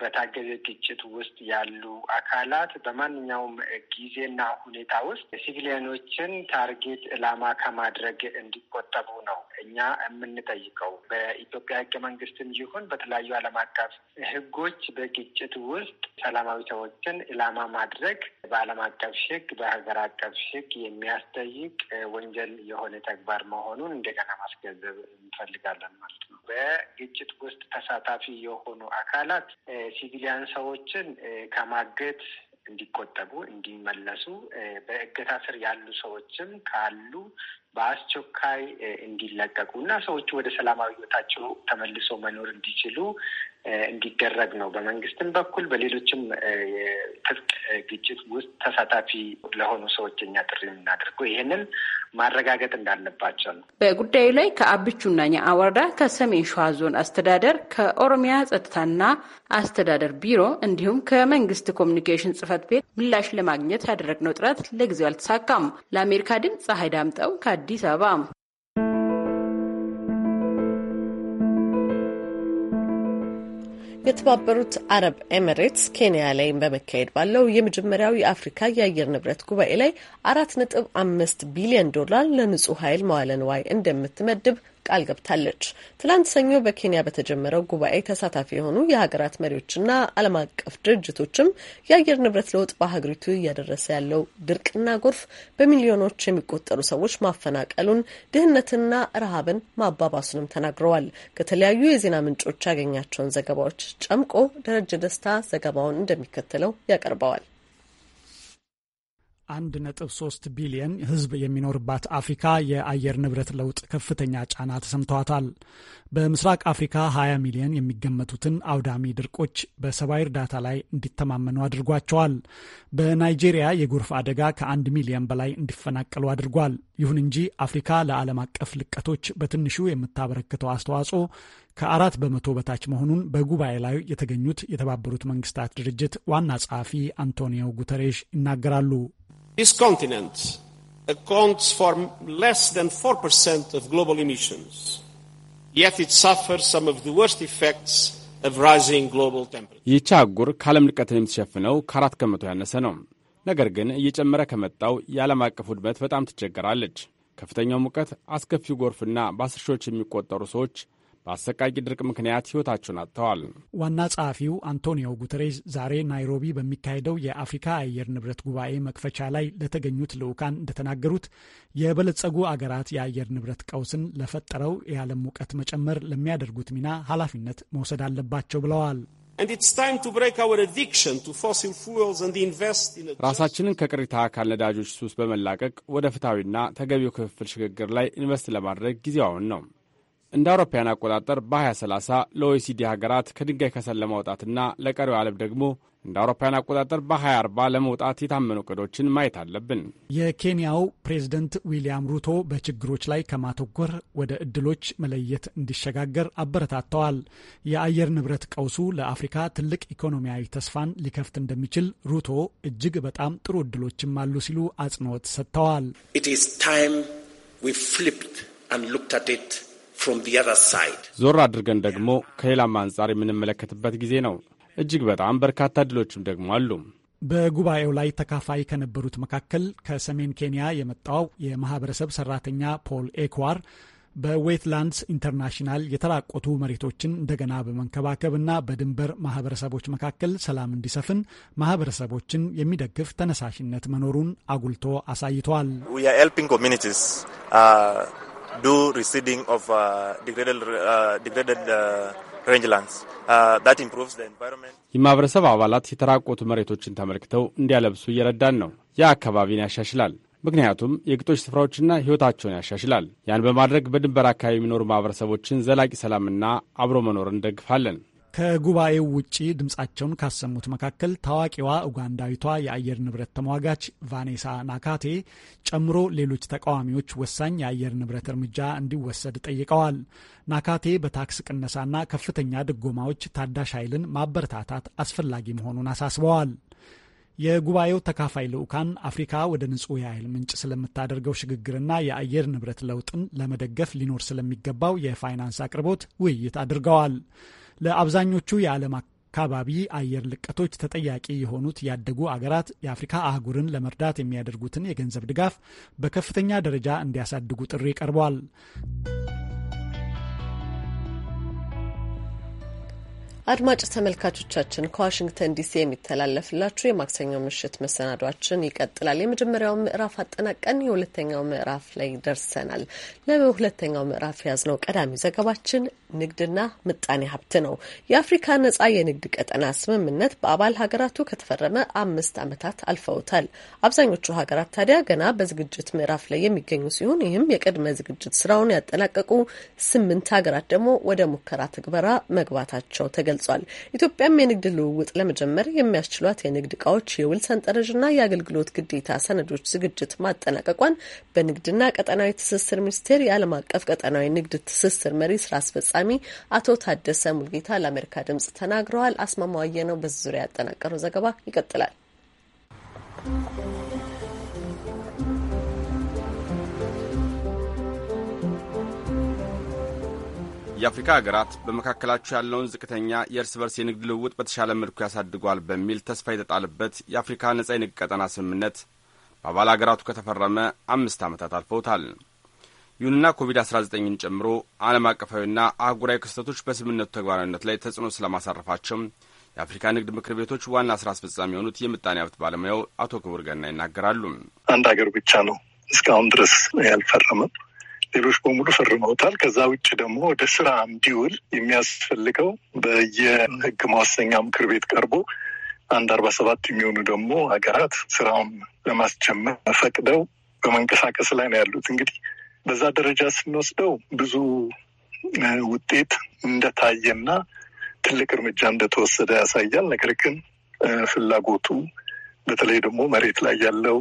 በታገዘ ግጭት ውስጥ ያሉ አካላት በማንኛውም ጊዜና ሁኔታ ውስጥ ሲቪሊያኖችን ታርጌት ዕላማ ከማድረግ እንዲቆጠቡ ነው እኛ የምንጠይቀው። በኢትዮጵያ ሕገ መንግስትም ይሁን በተለያዩ ዓለም አቀፍ ሕጎች በግጭት ውስጥ ሰላማዊ ሰዎችን ዕላማ ማድረግ በዓለም አቀፍ ሕግ በሀገር አቀፍ ሕግ የሚያስጠይቅ ወንጀል የሆነ ተግባር መሆኑን እንደገና ማስገንዘብ እንፈልጋለን ማለት ነው። በግጭት ውስጥ ተሳታፊ የሆኑ አካላት ሲቪሊያን ሰዎችን ከማገት እንዲቆጠቡ፣ እንዲመለሱ በእገታ ስር ያሉ ሰዎችም ካሉ በአስቸኳይ እንዲለቀቁ እና ሰዎቹ ወደ ሰላማዊ ህይወታቸው ተመልሶ መኖር እንዲችሉ እንዲደረግ ነው። በመንግስትም በኩል በሌሎችም የትጥቅ ግጭት ውስጥ ተሳታፊ ለሆኑ ሰዎች እኛ ጥሪ የምናደርገው ይህንን ማረጋገጥ እንዳለባቸው ነው። በጉዳዩ ላይ ከአብቹና ኛአ ከሰሜን ሸዋ ዞን አስተዳደር፣ ከኦሮሚያ ጸጥታና አስተዳደር ቢሮ እንዲሁም ከመንግስት ኮሚኒኬሽን ጽህፈት ቤት ምላሽ ለማግኘት ያደረግነው ጥረት ለጊዜው አልተሳካም። ለአሜሪካ ድምፅ ፀሐይ ዳምጠው ከአዲስ አበባ የተባበሩት አረብ ኤሚሬትስ ኬንያ ላይ በመካሄድ ባለው የመጀመሪያው የአፍሪካ የአየር ንብረት ጉባኤ ላይ አራት ነጥብ አምስት ቢሊዮን ዶላር ለንጹህ ኃይል መዋለ ንዋይ እንደምትመድብ ቃል ገብታለች። ትላንት ሰኞ በኬንያ በተጀመረው ጉባኤ ተሳታፊ የሆኑ የሀገራት መሪዎችና ዓለም አቀፍ ድርጅቶችም የአየር ንብረት ለውጥ በሀገሪቱ እያደረሰ ያለው ድርቅና ጎርፍ በሚሊዮኖች የሚቆጠሩ ሰዎች ማፈናቀሉን፣ ድህነትና ረሃብን ማባባሱንም ተናግረዋል። ከተለያዩ የዜና ምንጮች ያገኛቸውን ዘገባዎች ጨምቆ ደረጀ ደስታ ዘገባውን እንደሚከተለው ያቀርበዋል። አንድ ነጥብ ሶስት ቢሊየን ህዝብ የሚኖርባት አፍሪካ የአየር ንብረት ለውጥ ከፍተኛ ጫና ተሰምተዋታል። በምስራቅ አፍሪካ 20 ሚሊዮን የሚገመቱትን አውዳሚ ድርቆች በሰብአዊ እርዳታ ላይ እንዲተማመኑ አድርጓቸዋል። በናይጄሪያ የጎርፍ አደጋ ከአንድ ሚሊዮን በላይ እንዲፈናቀሉ አድርጓል። ይሁን እንጂ አፍሪካ ለዓለም አቀፍ ልቀቶች በትንሹ የምታበረክተው አስተዋጽኦ ከአራት በመቶ በታች መሆኑን በጉባኤ ላይ የተገኙት የተባበሩት መንግስታት ድርጅት ዋና ጸሐፊ አንቶኒዮ ጉተሬሽ ይናገራሉ። This continent accounts for less than 4% of global emissions, yet it suffers some of the worst effects of rising global temperatures. ይህች አህጉር ከዓለም ሙቀት የምትሸፍነው ከአራት ከመቶ ያነሰ ነው። ነገር ግን እየጨመረ ከመጣው የዓለም አቀፍ ውድመት በጣም ትቸገራለች። ከፍተኛው ሙቀት፣ አስከፊው ጎርፍና በአስር ሺዎች የሚቆጠሩ ሰዎች በአሰቃቂ ድርቅ ምክንያት ሕይወታቸውን አጥተዋል። ዋና ጸሐፊው አንቶኒዮ ጉተሬዝ ዛሬ ናይሮቢ በሚካሄደው የአፍሪካ አየር ንብረት ጉባኤ መክፈቻ ላይ ለተገኙት ልዑካን እንደተናገሩት የበለጸጉ አገራት የአየር ንብረት ቀውስን ለፈጠረው የዓለም ሙቀት መጨመር ለሚያደርጉት ሚና ኃላፊነት መውሰድ አለባቸው ብለዋል። ራሳችንን ከቅሪታ አካል ነዳጆች ሱስ በመላቀቅ ወደ ፍትሐዊና ተገቢው ክፍፍል ሽግግር ላይ ኢንቨስት ለማድረግ ጊዜው አሁን ነው። እንደ አውሮፓውያን አቆጣጠር በ2030 ለኦኢሲዲ ሀገራት ከድንጋይ ከሰል ለማውጣትና ለቀሪው ዓለም ደግሞ እንደ አውሮፓውያን አቆጣጠር በ2040 ለመውጣት የታመኑ እቅዶችን ማየት አለብን። የኬንያው ፕሬዝደንት ዊልያም ሩቶ በችግሮች ላይ ከማተኮር ወደ እድሎች መለየት እንዲሸጋገር አበረታተዋል። የአየር ንብረት ቀውሱ ለአፍሪካ ትልቅ ኢኮኖሚያዊ ተስፋን ሊከፍት እንደሚችል ሩቶ እጅግ በጣም ጥሩ እድሎችም አሉ ሲሉ አጽንኦት ሰጥተዋል። ዞር አድርገን ደግሞ ከሌላም አንጻር የምንመለከትበት ጊዜ ነው። እጅግ በጣም በርካታ ድሎችም ደግሞ አሉ። በጉባኤው ላይ ተካፋይ ከነበሩት መካከል ከሰሜን ኬንያ የመጣው የማህበረሰብ ሰራተኛ ፖል ኤክዋር በዌትላንድስ ኢንተርናሽናል የተራቆቱ መሬቶችን እንደገና በመንከባከብ እና በድንበር ማህበረሰቦች መካከል ሰላም እንዲሰፍን ማህበረሰቦችን የሚደግፍ ተነሳሽነት መኖሩን አጉልቶ አሳይተዋል። do reseeding of uh, degraded, uh, degraded uh, rangelands. Uh, that improves the environment. የማህበረሰብ አባላት የተራቆቱ መሬቶችን ተመልክተው እንዲያለብሱ እየረዳን ነው። የአካባቢን ያሻሽላል። ምክንያቱም የግጦሽ ስፍራዎችና ሕይወታቸውን ያሻሽላል። ያን በማድረግ በድንበር አካባቢ የሚኖሩ ማህበረሰቦችን ዘላቂ ሰላምና አብሮ መኖር እንደግፋለን። ከጉባኤው ውጪ ድምፃቸውን ካሰሙት መካከል ታዋቂዋ ኡጋንዳዊቷ የአየር ንብረት ተሟጋች ቫኔሳ ናካቴ ጨምሮ ሌሎች ተቃዋሚዎች ወሳኝ የአየር ንብረት እርምጃ እንዲወሰድ ጠይቀዋል። ናካቴ በታክስ ቅነሳና ከፍተኛ ድጎማዎች ታዳሽ ኃይልን ማበረታታት አስፈላጊ መሆኑን አሳስበዋል። የጉባኤው ተካፋይ ልዑካን አፍሪካ ወደ ንጹህ የኃይል ምንጭ ስለምታደርገው ሽግግርና የአየር ንብረት ለውጥን ለመደገፍ ሊኖር ስለሚገባው የፋይናንስ አቅርቦት ውይይት አድርገዋል። ለአብዛኞቹ የዓለም አካባቢ አየር ልቀቶች ተጠያቂ የሆኑት ያደጉ አገራት የአፍሪካ አህጉርን ለመርዳት የሚያደርጉትን የገንዘብ ድጋፍ በከፍተኛ ደረጃ እንዲያሳድጉ ጥሪ ቀርበዋል። አድማጭ ተመልካቾቻችን ከዋሽንግተን ዲሲ የሚተላለፍላችሁ የማክሰኛው ምሽት መሰናዷችን ይቀጥላል። የመጀመሪያው ምዕራፍ አጠናቀን የሁለተኛው ምዕራፍ ላይ ደርሰናል። ለሁለተኛው ምዕራፍ የያዝነው ቀዳሚ ዘገባችን ንግድና ምጣኔ ሀብት ነው። የአፍሪካ ነጻ የንግድ ቀጠና ስምምነት በአባል ሀገራቱ ከተፈረመ አምስት ዓመታት አልፈውታል። አብዛኞቹ ሀገራት ታዲያ ገና በዝግጅት ምዕራፍ ላይ የሚገኙ ሲሆን ይህም የቅድመ ዝግጅት ስራውን ያጠናቀቁ ስምንት ሀገራት ደግሞ ወደ ሙከራ ትግበራ መግባታቸው ተገ ገልጿል። ኢትዮጵያም የንግድ ልውውጥ ለመጀመር የሚያስችሏት የንግድ እቃዎች የውል ሰንጠረዥና የአገልግሎት ግዴታ ሰነዶች ዝግጅት ማጠናቀቋን በንግድና ቀጠናዊ ትስስር ሚኒስቴር የዓለም አቀፍ ቀጠናዊ ንግድ ትስስር መሪ ስራ አስፈጻሚ አቶ ታደሰ ሙልጌታ ለአሜሪካ ድምጽ ተናግረዋል። አስማማዋየ ነው በዚህ ዙሪያ ያጠናቀረው ዘገባ ይቀጥላል። የአፍሪካ ሀገራት በመካከላቸው ያለውን ዝቅተኛ የእርስ በርስ የንግድ ልውውጥ በተሻለ መልኩ ያሳድጓል በሚል ተስፋ የተጣለበት የአፍሪካ ነጻ የንግድ ቀጠና ስምምነት በአባል ሀገራቱ ከተፈረመ አምስት ዓመታት አልፈውታል። ይሁንና ኮቪድ-19ን ጨምሮ ዓለም አቀፋዊና አህጉራዊ ክስተቶች በስምምነቱ ተግባራዊነት ላይ ተጽዕኖ ስለማሳረፋቸው የአፍሪካ ንግድ ምክር ቤቶች ዋና ስራ አስፈጻሚ የሆኑት የምጣኔ ሀብት ባለሙያው አቶ ክቡር ገና ይናገራሉ። አንድ ሀገር ብቻ ነው እስካሁን ድረስ ያልፈረመም ሌሎች በሙሉ ፈርመውታል። ከዛ ውጭ ደግሞ ወደ ስራ እንዲውል የሚያስፈልገው በየህግ መወሰኛ ምክር ቤት ቀርቦ አንድ አርባ ሰባት የሚሆኑ ደግሞ ሀገራት ስራውን ለማስጀመር ፈቅደው በመንቀሳቀስ ላይ ነው ያሉት። እንግዲህ በዛ ደረጃ ስንወስደው ብዙ ውጤት እንደታየና ትልቅ እርምጃ እንደተወሰደ ያሳያል። ነገር ግን ፍላጎቱ በተለይ ደግሞ መሬት ላይ ያለው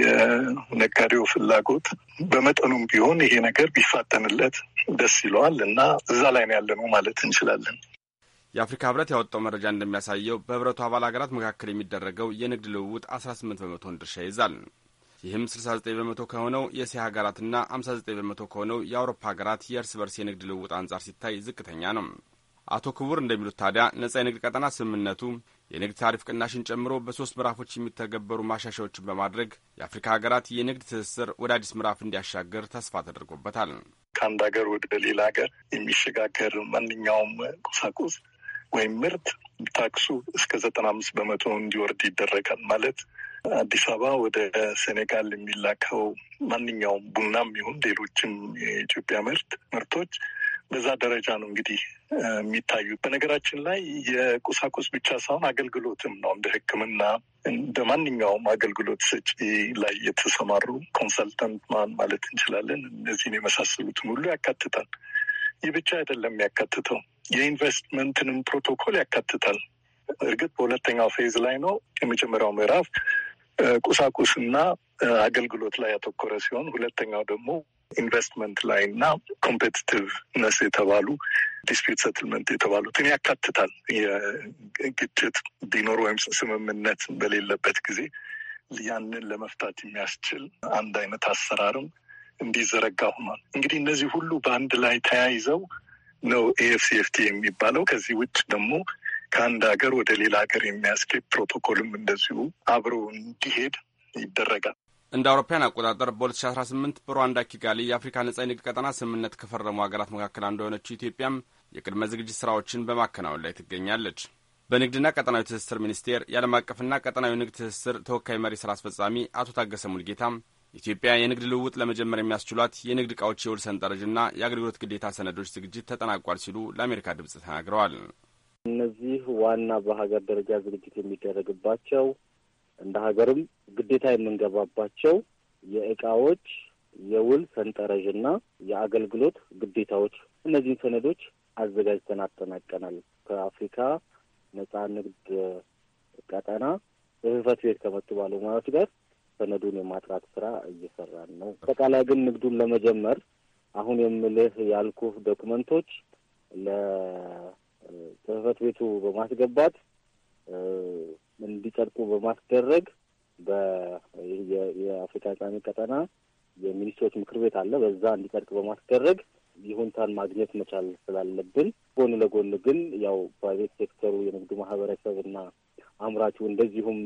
የነጋዴው ፍላጎት በመጠኑም ቢሆን ይሄ ነገር ቢፋጠንለት ደስ ይለዋል እና እዛ ላይ ነው ያለነው ማለት እንችላለን። የአፍሪካ ህብረት ያወጣው መረጃ እንደሚያሳየው በህብረቱ አባል ሀገራት መካከል የሚደረገው የንግድ ልውውጥ 18 በመቶን ድርሻ ይይዛል። ይህም 69 በመቶ ከሆነው የእስያ ሀገራትና 59 በመቶ ከሆነው የአውሮፓ ሀገራት የእርስ በርስ የንግድ ልውውጥ አንጻር ሲታይ ዝቅተኛ ነው። አቶ ክቡር እንደሚሉት ታዲያ ነጻ የንግድ ቀጠና ስምምነቱ የንግድ ታሪፍ ቅናሽን ጨምሮ በሶስት ምዕራፎች የሚተገበሩ ማሻሻዎችን በማድረግ የአፍሪካ ሀገራት የንግድ ትስስር ወደ አዲስ ምዕራፍ እንዲያሻገር ተስፋ ተደርጎበታል። ከአንድ ሀገር ወደ ሌላ ሀገር የሚሸጋገር ማንኛውም ቁሳቁስ ወይም ምርት ታክሱ እስከ ዘጠና አምስት በመቶ እንዲወርድ ይደረጋል። ማለት አዲስ አበባ ወደ ሴኔጋል የሚላከው ማንኛውም ቡናም ይሁን ሌሎችም የኢትዮጵያ ምርት ምርቶች በዛ ደረጃ ነው እንግዲህ የሚታዩ። በነገራችን ላይ የቁሳቁስ ብቻ ሳይሆን አገልግሎትም ነው። እንደ ሕክምና እንደ ማንኛውም አገልግሎት ሰጪ ላይ የተሰማሩ ኮንሰልታንት ማን ማለት እንችላለን። እነዚህን የመሳሰሉትም ሁሉ ያካትታል። ይህ ብቻ አይደለም የሚያካትተው የኢንቨስትመንትንም ፕሮቶኮል ያካትታል። እርግጥ በሁለተኛው ፌዝ ላይ ነው። የመጀመሪያው ምዕራፍ ቁሳቁስና አገልግሎት ላይ ያተኮረ ሲሆን ሁለተኛው ደግሞ ኢንቨስትመንት ላይ እና ኮምፔቲቲቭነስ የተባሉ ዲስፒት ሰትልመንት የተባሉትን ያካትታል። የግጭት ቢኖር ወይም ስምምነት በሌለበት ጊዜ ያንን ለመፍታት የሚያስችል አንድ አይነት አሰራርም እንዲዘረጋ ሆኗል። እንግዲህ እነዚህ ሁሉ በአንድ ላይ ተያይዘው ነው ኤኤፍሲኤፍቲ የሚባለው። ከዚህ ውጭ ደግሞ ከአንድ ሀገር ወደ ሌላ ሀገር የሚያስኬድ ፕሮቶኮልም እንደዚሁ አብሮ እንዲሄድ ይደረጋል። እንደ አውሮፓያን አቆጣጠር በ2018 በሩዋንዳ ኪጋሊ የአፍሪካ ነጻ የንግድ ቀጠና ስምምነት ከፈረሙ ሀገራት መካከል አንዱ የሆነችው ኢትዮጵያም የቅድመ ዝግጅት ስራዎችን በማከናወን ላይ ትገኛለች። በንግድና ቀጠናዊ ትስስር ሚኒስቴር የዓለም አቀፍና ቀጠናዊ ንግድ ትስስር ተወካይ መሪ ስራ አስፈጻሚ አቶ ታገሰ ሙልጌታም ኢትዮጵያ የንግድ ልውውጥ ለመጀመር የሚያስችሏት የንግድ ዕቃዎች የውል ሰንጠረዥና የአገልግሎት ግዴታ ሰነዶች ዝግጅት ተጠናቋል ሲሉ ለአሜሪካ ድምፅ ተናግረዋል። እነዚህ ዋና በሀገር ደረጃ ዝግጅት የሚደረግባቸው እንደ ሀገርም ግዴታ የምንገባባቸው የእቃዎች የውል ሰንጠረዥና የአገልግሎት ግዴታዎች እነዚህን ሰነዶች አዘጋጅተን አጠናቀናል። ከአፍሪካ ነጻ ንግድ ቀጠና በህፈት ቤት ከመጡ ባለሙያዎች ጋር ሰነዱን የማጥራት ስራ እየሰራን ነው። አጠቃላይ ግን ንግዱን ለመጀመር አሁን የምልህ ያልኩህ ዶክመንቶች ለጽህፈት ቤቱ በማስገባት እንዲጸድቁ በማስደረግ የአፍሪካ ኢኮኖሚ ቀጠና የሚኒስትሮች ምክር ቤት አለ። በዛ እንዲጸድቅ በማስደረግ ይሁንታን ማግኘት መቻል ስላለብን፣ ጎን ለጎን ግን ያው ፕራይቬት ሴክተሩ የንግዱ ማህበረሰብ እና አምራቹ እንደዚሁም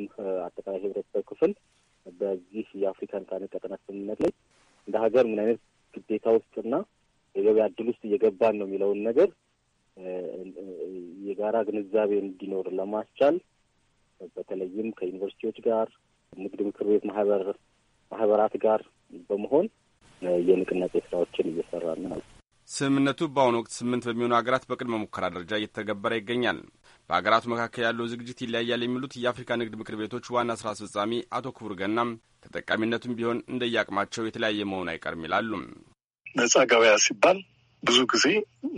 አጠቃላይ ህብረተሰብ ክፍል በዚህ የአፍሪካ ኢኮኖሚ ቀጠና ስምምነት ላይ እንደ ሀገር ምን አይነት ግዴታ ውስጥና የገበያ እድል ውስጥ እየገባን ነው የሚለውን ነገር የጋራ ግንዛቤ እንዲኖር ለማስቻል በተለይም ከዩኒቨርሲቲዎች ጋር ንግድ ምክር ቤት ማህበር ማህበራት ጋር በመሆን የንቅናቄ ስራዎችን እየሰራ ነው። ስምምነቱ በአሁኑ ወቅት ስምንት በሚሆኑ ሀገራት በቅድመ ሙከራ ደረጃ እየተገበረ ይገኛል። በሀገራቱ መካከል ያለው ዝግጅት ይለያያል የሚሉት የአፍሪካ ንግድ ምክር ቤቶች ዋና ስራ አስፈጻሚ አቶ ክቡር ገናም ተጠቃሚነቱም ቢሆን እንደየአቅማቸው የተለያየ መሆን አይቀርም ይላሉ። ነጻ ገበያ ሲባል ብዙ ጊዜ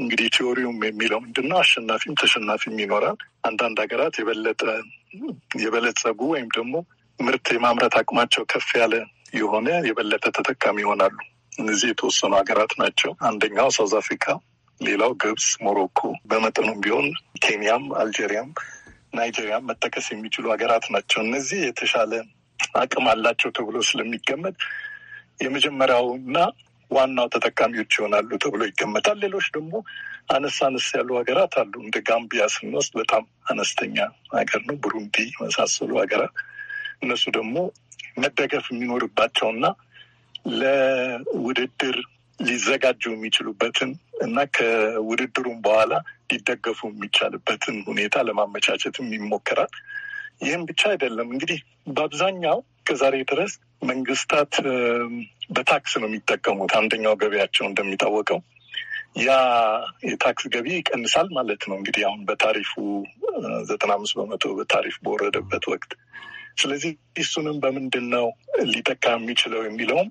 እንግዲህ ቲዎሪውም የሚለው ምንድነው አሸናፊም ተሸናፊም ይኖራል። አንዳንድ ሀገራት የበለጠ የበለጸጉ ወይም ደግሞ ምርት የማምረት አቅማቸው ከፍ ያለ የሆነ የበለጠ ተጠቃሚ ይሆናሉ። እነዚህ የተወሰኑ ሀገራት ናቸው። አንደኛው ሳውዝ አፍሪካ፣ ሌላው ግብፅ፣ ሞሮኮ፣ በመጠኑም ቢሆን ኬንያም፣ አልጄሪያም፣ ናይጄሪያም መጠቀስ የሚችሉ ሀገራት ናቸው። እነዚህ የተሻለ አቅም አላቸው ተብሎ ስለሚገመት እና ዋናው ተጠቃሚዎች ይሆናሉ ተብሎ ይገመታል። ሌሎች ደግሞ አነስ አነስ ያሉ ሀገራት አሉ። እንደ ጋምቢያ ስንወስድ በጣም አነስተኛ ሀገር ነው። ቡሩንዲ የመሳሰሉ ሀገራት እነሱ ደግሞ መደገፍ የሚኖርባቸውና ለውድድር ሊዘጋጁ የሚችሉበትን እና ከውድድሩም በኋላ ሊደገፉ የሚቻልበትን ሁኔታ ለማመቻቸትም ይሞከራል። ይህም ብቻ አይደለም እንግዲህ በአብዛኛው ከዛሬ ድረስ መንግስታት በታክስ ነው የሚጠቀሙት። አንደኛው ገቢያቸው እንደሚታወቀው ያ የታክስ ገቢ ይቀንሳል ማለት ነው እንግዲህ አሁን በታሪፉ ዘጠና አምስት በመቶ በታሪፍ በወረደበት ወቅት። ስለዚህ እሱንም በምንድን ነው ሊተካ የሚችለው የሚለውም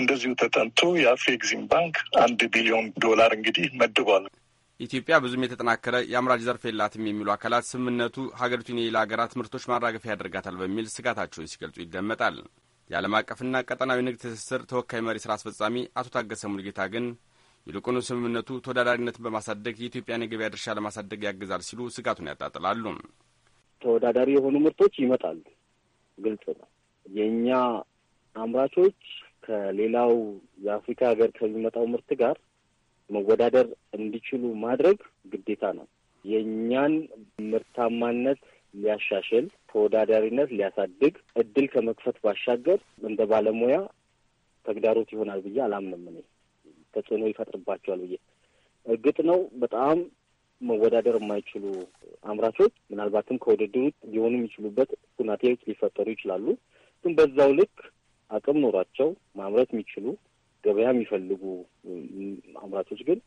እንደዚሁ ተጠንቶ የአፌግዚም ባንክ አንድ ቢሊዮን ዶላር እንግዲህ መድቧል። ኢትዮጵያ ብዙም የተጠናከረ የአምራች ዘርፍ የላትም የሚሉ አካላት ስምምነቱ ሀገሪቱን የሌላ ሀገራት ምርቶች ማራገፊያ ያደርጋታል በሚል ስጋታቸውን ሲገልጹ ይደመጣል። የዓለም አቀፍና ቀጠናዊ ንግድ ትስስር ተወካይ መሪ ስራ አስፈጻሚ አቶ ታገሰ ሙልጌታ ግን ይልቁኑ ስምምነቱ ተወዳዳሪነትን በማሳደግ የኢትዮጵያን የገበያ ድርሻ ለማሳደግ ያግዛል ሲሉ ስጋቱን ያጣጥላሉ። ተወዳዳሪ የሆኑ ምርቶች ይመጣሉ። ግልጽ ነው። የእኛ አምራቾች ከሌላው የአፍሪካ ሀገር ከሚመጣው ምርት ጋር መወዳደር እንዲችሉ ማድረግ ግዴታ ነው። የእኛን ምርታማነት ሊያሻሽል፣ ተወዳዳሪነት ሊያሳድግ እድል ከመክፈት ባሻገር እንደ ባለሙያ ተግዳሮት ይሆናል ብዬ አላምንም። እኔ ተጽዕኖ ይፈጥርባቸዋል ብዬ እርግጥ ነው በጣም መወዳደር የማይችሉ አምራቾች ምናልባትም ከውድድሩ ሊሆኑ የሚችሉበት ሁናቴዎች ሊፈጠሩ ይችላሉ። ግን በዛው ልክ አቅም ኖሯቸው ማምረት የሚችሉ ገበያ የሚፈልጉ አምራቾች ግን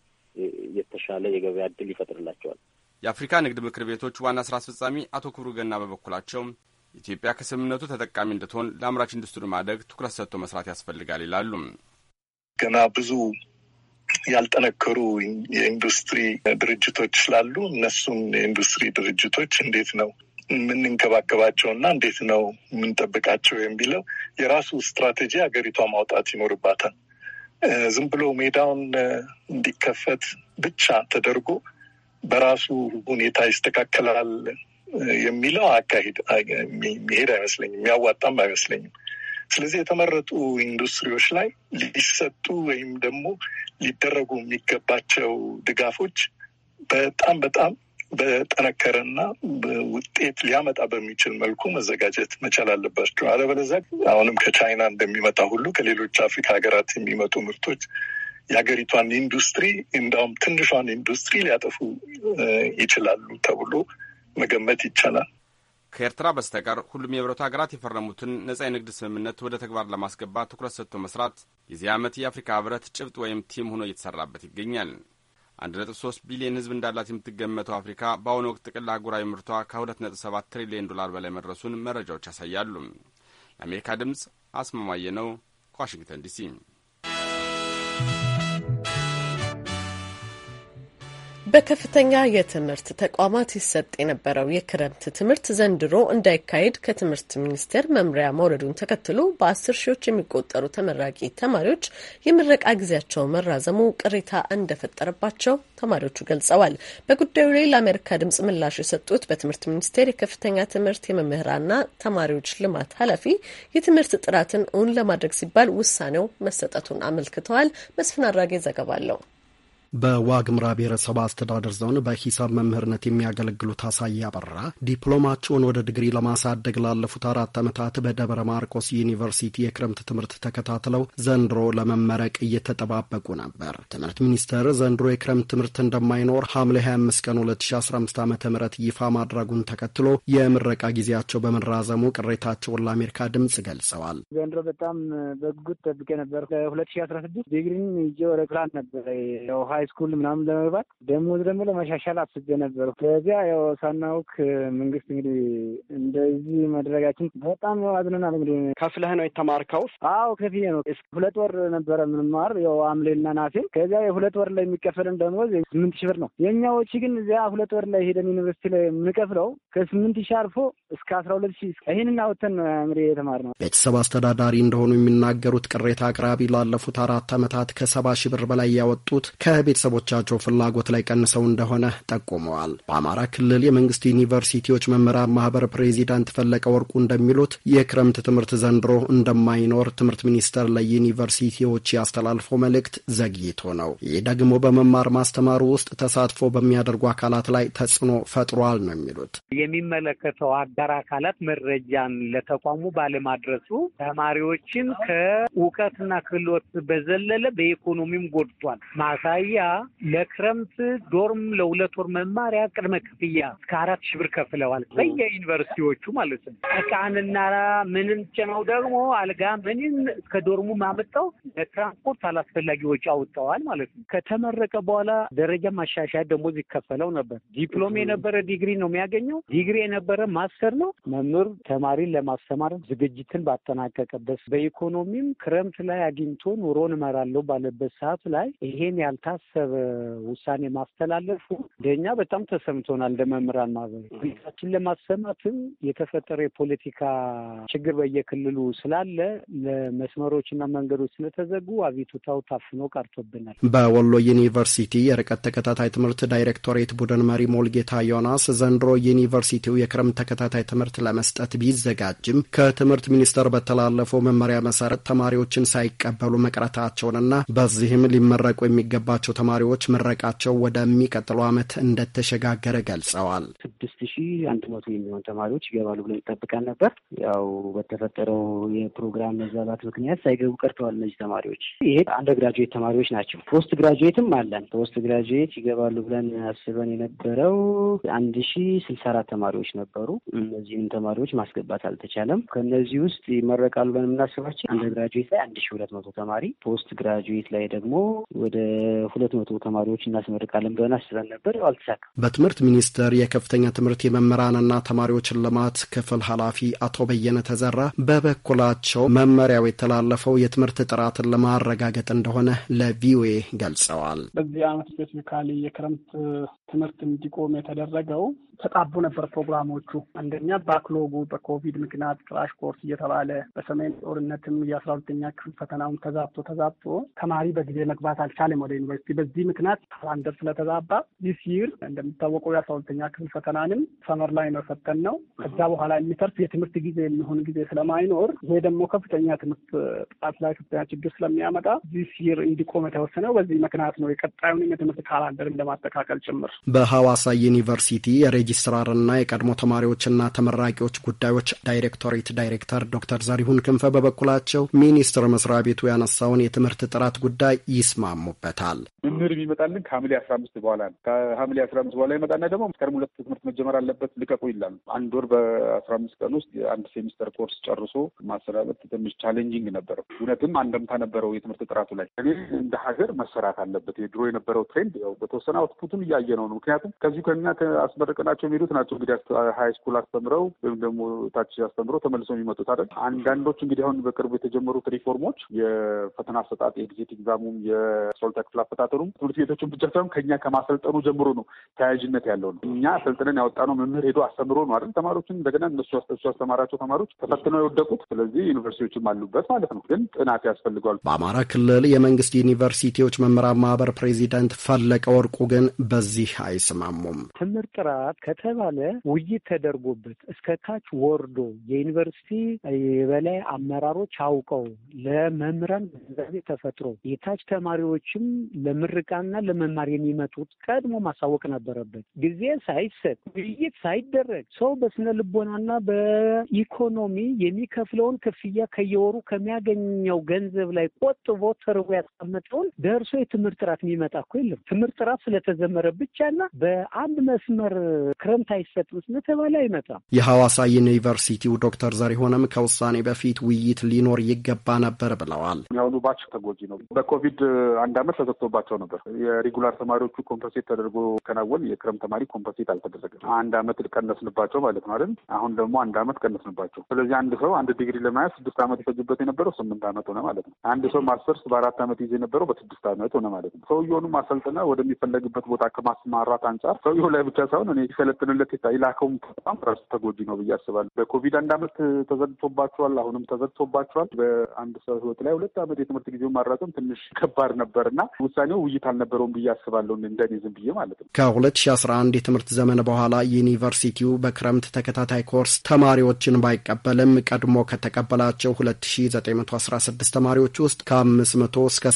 የተሻለ የገበያ እድል ይፈጥርላቸዋል። የአፍሪካ ንግድ ምክር ቤቶች ዋና ስራ አስፈጻሚ አቶ ክብሩ ገና በበኩላቸው ኢትዮጵያ ከስምምነቱ ተጠቃሚ እንድትሆን ለአምራች ኢንዱስትሪ ማደግ ትኩረት ሰጥቶ መስራት ያስፈልጋል ይላሉ። ገና ብዙ ያልጠነከሩ የኢንዱስትሪ ድርጅቶች ስላሉ እነሱን የኢንዱስትሪ ድርጅቶች እንዴት ነው የምንንከባከባቸው እና እንዴት ነው የምንጠብቃቸው የሚለው የራሱ ስትራቴጂ ሀገሪቷ ማውጣት ይኖርባታል። ዝም ብሎ ሜዳውን እንዲከፈት ብቻ ተደርጎ በራሱ ሁኔታ ይስተካከላል የሚለው አካሄድ የሚሄድ አይመስለኝም፣ የሚያዋጣም አይመስለኝም። ስለዚህ የተመረጡ ኢንዱስትሪዎች ላይ ሊሰጡ ወይም ደግሞ ሊደረጉ የሚገባቸው ድጋፎች በጣም በጣም በጠነከረና ውጤት ሊያመጣ በሚችል መልኩ መዘጋጀት መቻል አለባቸው። አለበለዚያ አሁንም ከቻይና እንደሚመጣ ሁሉ ከሌሎች አፍሪካ ሀገራት የሚመጡ ምርቶች የሀገሪቷን ኢንዱስትሪ እንዲሁም ትንሿን ኢንዱስትሪ ሊያጠፉ ይችላሉ ተብሎ መገመት ይቻላል። ከኤርትራ በስተቀር ሁሉም የህብረቱ ሀገራት የፈረሙትን ነጻ የንግድ ስምምነት ወደ ተግባር ለማስገባት ትኩረት ሰጥቶ መስራት የዚህ ዓመት የአፍሪካ ህብረት ጭብጥ ወይም ቲም ሆኖ እየተሰራበት ይገኛል። 1.3 ቢሊዮን ህዝብ እንዳላት የምትገመተው አፍሪካ በአሁኑ ወቅት ጥቅል አህጉራዊ ምርቷ ከ2.7 ትሪሊዮን ዶላር በላይ መድረሱን መረጃዎች ያሳያሉ። የአሜሪካ ድምፅ አስማማየ ነው ከዋሽንግተን ዲሲ። በከፍተኛ የትምህርት ተቋማት ይሰጥ የነበረው የክረምት ትምህርት ዘንድሮ እንዳይካሄድ ከትምህርት ሚኒስቴር መምሪያ መውረዱን ተከትሎ በአስር ሺዎች የሚቆጠሩ ተመራቂ ተማሪዎች የምረቃ ጊዜያቸው መራዘሙ ቅሬታ እንደፈጠረባቸው ተማሪዎቹ ገልጸዋል። በጉዳዩ ላይ ለአሜሪካ ድምጽ ምላሽ የሰጡት በትምህርት ሚኒስቴር የከፍተኛ ትምህርት የመምህራንና ተማሪዎች ልማት ኃላፊ የትምህርት ጥራትን እውን ለማድረግ ሲባል ውሳኔው መሰጠቱን አመልክተዋል። መስፍን አድራጌ ዘገባ አለው። በዋግምራ ብሔረሰብ አስተዳደር ዞን በሂሳብ መምህርነት የሚያገለግሉት አሳየ አበራ ዲፕሎማቸውን ወደ ዲግሪ ለማሳደግ ላለፉት አራት ዓመታት በደብረ ማርቆስ ዩኒቨርሲቲ የክረምት ትምህርት ተከታትለው ዘንድሮ ለመመረቅ እየተጠባበቁ ነበር። ትምህርት ሚኒስቴር ዘንድሮ የክረምት ትምህርት እንደማይኖር ሐምሌ 25 ቀን 2015 ዓ ም ይፋ ማድረጉን ተከትሎ የምረቃ ጊዜያቸው በመራዘሙ ቅሬታቸውን ለአሜሪካ ድምጽ ገልጸዋል። ዘንድሮ በጣም በጉጉት ጠብቄ ነበር። ከ2016 ዲግሪን ይዤ ወደ ክላን ነበረ ሃይስኩል ምናምን ለመግባት ደሞዝ ደግሞ ለመሻሻል አስቤ ነበር። ከዚያ ያው ሳናውክ መንግስት እንግዲህ እንደዚህ መድረጋችን በጣም ያው አዝነናል። እንግዲህ ከፍለህ ነው የተማርከው? አዎ ከፍዬ ነው። ሁለት ወር ነበረ ምንማር ያው አምሌና ናሴ። ከዚያ የሁለት ወር ላይ የሚከፈልን ደሞዝ ስምንት ሺህ ብር ነው። የእኛዎች ግን እዚያ ሁለት ወር ላይ ሄደን ዩኒቨርሲቲ ላይ የምንከፍለው ከስምንት ሺህ አልፎ እስከ አስራ ሁለት ሺህ ይህንን አውጥተን እንግዲህ የተማርነው። ቤተሰብ አስተዳዳሪ እንደሆኑ የሚናገሩት ቅሬታ አቅራቢ ላለፉት አራት ዓመታት ከሰባ ሺህ ብር በላይ ያወጡት ከቤ ቤተሰቦቻቸው ፍላጎት ላይ ቀንሰው እንደሆነ ጠቁመዋል። በአማራ ክልል የመንግስት ዩኒቨርሲቲዎች መምህራን ማህበር ፕሬዚዳንት ፈለቀ ወርቁ እንደሚሉት የክረምት ትምህርት ዘንድሮ እንደማይኖር ትምህርት ሚኒስቴር ለዩኒቨርሲቲዎች ያስተላልፈው መልእክት ዘግይቶ ነው። ይህ ደግሞ በመማር ማስተማሩ ውስጥ ተሳትፎ በሚያደርጉ አካላት ላይ ተጽዕኖ ፈጥሯል ነው የሚሉት። የሚመለከተው አጋር አካላት መረጃን ለተቋሙ ባለማድረሱ ተማሪዎችን ከእውቀትና ክህሎት በዘለለ በኢኮኖሚም ጎድቷል። ማሳያ ክፍያ ለክረምት ዶርም ለሁለት ወር መማሪያ ቅድመ ክፍያ እስከ አራት ሺህ ብር ከፍለዋል። በየዩኒቨርሲቲዎቹ ማለት ነው። እቃንና ምንን ጭነው ደግሞ አልጋ ምንን እስከ ዶርሙ ማመጣው ለትራንስፖርት አላስፈላጊ ወጪ አውጥተዋል ማለት ነው። ከተመረቀ በኋላ ደረጃ ማሻሻያ ደሞዝ ይከፈለው ነበር። ዲፕሎም የነበረ ዲግሪ ነው የሚያገኘው። ዲግሪ የነበረ ማስተር ነው። መምህር ተማሪን ለማስተማር ዝግጅትን ባጠናቀቀበት በኢኮኖሚም ክረምት ላይ አግኝቶ ኑሮን እመራለሁ ባለበት ሰዓት ላይ ይሄን ያልታሰ የቤተሰብ ውሳኔ ማስተላለፉ እንደኛ በጣም ተሰምቶናል። እንደ ማህበር ቤታችን ለማሰማትም የተፈጠረ የፖለቲካ ችግር በየክልሉ ስላለ ለመስመሮችና መንገዶች ስለተዘጉ አቤቱታው ታፍኖ ቀርቶብናል። በወሎ ዩኒቨርሲቲ የርቀት ተከታታይ ትምህርት ዳይሬክቶሬት ቡድን መሪ ሞልጌታ ዮናስ ዘንድሮ ዩኒቨርሲቲው የክረምት ተከታታይ ትምህርት ለመስጠት ቢዘጋጅም ከትምህርት ሚኒስቴር በተላለፈው መመሪያ መሰረት ተማሪዎችን ሳይቀበሉ መቅረታቸውንና በዚህም ሊመረቁ የሚገባቸው ያላቸው ተማሪዎች ምረቃቸው ወደሚቀጥለው ዓመት እንደተሸጋገረ ገልጸዋል። ስድስት ሺ አንድ መቶ የሚሆን ተማሪዎች ይገባሉ ብለን ይጠብቃል ነበር። ያው በተፈጠረው የፕሮግራም መዛባት ምክንያት ሳይገቡ ቀርተዋል እነዚህ ተማሪዎች። ይሄ አንደር ግራጁዌት ተማሪዎች ናቸው። ፖስት ግራጁዌትም አለን። ፖስት ግራጁዌት ይገባሉ ብለን አስበን የነበረው አንድ ሺ ስልሳ አራት ተማሪዎች ነበሩ። እነዚህም ተማሪዎች ማስገባት አልተቻለም። ከእነዚህ ውስጥ ይመረቃሉ ብለን የምናስባቸው አንደር ግራጁዌት ላይ አንድ ሺ ሁለት መቶ ተማሪ ፖስት ግራጁዌት ላይ ደግሞ ወደ ሁለት መቶ ተማሪዎች እናስመርቃለን ብለን አስበን ነበር። ያው አልተሳካ። በትምህርት ሚኒስቴር የከፍተኛ ትምህርት የመምህራንና ተማሪዎች ልማት ክፍል ኃላፊ አቶ በየነ ተዘራ በበኩላቸው መመሪያው የተላለፈው የትምህርት ጥራትን ለማረጋገጥ እንደሆነ ለቪኦኤ ገልጸዋል። በዚህ አመት ስፔሲፊካሊ የክረምት ትምህርት እንዲቆም የተደረገው ተጣቡ ነበር ፕሮግራሞቹ። አንደኛ ባክሎጉ በኮቪድ ምክንያት ክራሽ ኮርስ እየተባለ በሰሜን ጦርነትም የአስራ ሁለተኛ ክፍል ፈተናውን ተዛብቶ ተዛብቶ ተማሪ በጊዜ መግባት አልቻለም ወደ ዩኒቨርሲቲ በዚህ ምክንያት ካላንደር ስለተዛባ ዲስ ይር እንደሚታወቀው የአስራ ሁለተኛ ክፍል ፈተናንም ሰመር ላይ መፈተን ነው። ከዛ በኋላ የሚተርፍ የትምህርት ጊዜ የሚሆን ጊዜ ስለማይኖር ይሄ ደግሞ ከፍተኛ ትምህርት ጥራት ላይ ከፍተኛ ችግር ስለሚያመጣ ዲስ ይር እንዲቆም የተወሰነው በዚህ ምክንያት ነው። የቀጣዩንም የትምህርት ካላንደር ለማጠቃቀል ጭምር በሐዋሳ ዩኒቨርሲቲ የሬጂስትራርና የቀድሞ ተማሪዎችና ተመራቂዎች ጉዳዮች ዳይሬክቶሬት ዳይሬክተር ዶክተር ዘሪሁን ክንፈ በበኩላቸው ሚኒስቴር መስሪያ ቤቱ ያነሳውን የትምህርት ጥራት ጉዳይ ይስማሙበታል። መምህር የሚመጣልን ከሐምሌ አስራ አምስት በኋላ ነው። ከሐምሌ አስራ አምስት በኋላ ይመጣና ደግሞ መስከረም ሁለት ትምህርት መጀመር አለበት ልቀቁ ይላል። አንድ ወር በአስራ አምስት ቀን ውስጥ አንድ ሴሚስተር ኮርስ ጨርሶ ማሰራበት ትንሽ ቻሌንጂንግ ነበረው። እውነትም አንደምታ ነበረው የትምህርት ጥራቱ ላይ። እኔ እንደ ሀገር መሰራት አለበት። የድሮ የነበረው ትሬንድ ያው በተወሰነ አውትፑቱን እያየ ነው ነው ምክንያቱም ከዚሁ ከኛ አስመረቅናቸው የሚሄዱት ናቸው እንግዲህ ሀይ ስኩል አስተምረው ወይም ደግሞ ታች አስተምሮ ተመልሰው የሚመጡት አይደል። አንዳንዶች እንግዲህ አሁን በቅርቡ የተጀመሩት ሪፎርሞች የፈተና አሰጣጥ የጊዜት ኤግዛሙም የአስራ ክፍል አፈጣጥ ማሰልጠኑም ትምህርት ቤቶችን ብቻ ሳይሆን ከኛ ከማሰልጠኑ ጀምሮ ነው ተያያዥነት ያለው ነው። እኛ አሰልጥነን ያወጣነው መምህር ሄዶ አስተምሮ ነው አይደል ተማሪዎችን እንደገና እነሱ ያስተማራቸው ተማሪዎች ተፈትነው የወደቁት። ስለዚህ ዩኒቨርሲቲዎችም አሉበት ማለት ነው፣ ግን ጥናት ያስፈልገዋል። በአማራ ክልል የመንግስት ዩኒቨርሲቲዎች መምህራን ማህበር ፕሬዚዳንት ፈለቀ ወርቁ ግን በዚህ አይስማሙም። ትምህርት ጥራት ከተባለ ውይይት ተደርጎበት እስከ ታች ወርዶ የዩኒቨርሲቲ የበላይ አመራሮች አውቀው ለመምህራን ግንዛቤ ተፈጥሮ የታች ተማሪዎችም ለ ምርቃና ለመማር የሚመጡት ቀድሞ ማሳወቅ ነበረበት። ጊዜ ሳይሰጥ ውይይት ሳይደረግ ሰው በስነ ልቦናና በኢኮኖሚ የሚከፍለውን ክፍያ ከየወሩ ከሚያገኘው ገንዘብ ላይ ቆጥቦ ተርቦ ያስቀመጠውን ደርሶ የትምህርት ጥራት የሚመጣ እኮ የለም። ትምህርት ጥራት ስለተዘመረ ብቻና በአንድ መስመር ክረምት አይሰጥም ስለተባለ አይመጣም። የሐዋሳ ዩኒቨርሲቲው ዶክተር ዘሪሆንም ከውሳኔ በፊት ውይይት ሊኖር ይገባ ነበር ብለዋል። የአሁኑ ባች ተጎጂ ነው። በኮቪድ አንድ አመት ተዘግቶባቸው ተሰጥቶ ነበር። የሪጉላር ተማሪዎቹ ኮምፐሴት ተደርጎ ከናወን የክረም ተማሪ ኮምፐሴት አልተደረገም። አንድ አመት ቀነስንባቸው ማለት ነው አይደል? አሁን ደግሞ አንድ አመት ቀነስንባቸው። ስለዚህ አንድ ሰው አንድ ዲግሪ ለመያዝ ስድስት አመት ይፈጅበት የነበረው ስምንት አመት ሆነ ማለት ነው። አንድ ሰው ማስተርስ በአራት አመት ይዘ የነበረው በስድስት አመት ሆነ ማለት ነው። ሰውየውንም አሰልጥነ ወደሚፈለግበት ቦታ ከማስማራት አንጻር ሰውየው ላይ ብቻ ሳይሆን እኔ ሲሰለጥንለት የላከውም በጣም ራሱ ተጎጂ ነው ብዬ አስባለሁ። በኮቪድ አንድ አመት ተዘግቶባቸዋል። አሁንም ተዘግቶባቸዋል። በአንድ ሰው ህይወት ላይ ሁለት አመት የትምህርት ጊዜው ማራዘም ትንሽ ከባድ ነበር እና ውሳኔው ውይይት አልነበረውም ብዬ አስባለሁ። እንደኔ ዝም ብዬ ማለት ነው አስራ ከ2011 የትምህርት ዘመን በኋላ ዩኒቨርሲቲው በክረምት ተከታታይ ኮርስ ተማሪዎችን ባይቀበልም ቀድሞ ከተቀበላቸው ስድስት ተማሪዎች ውስጥ ከ መቶ እስከ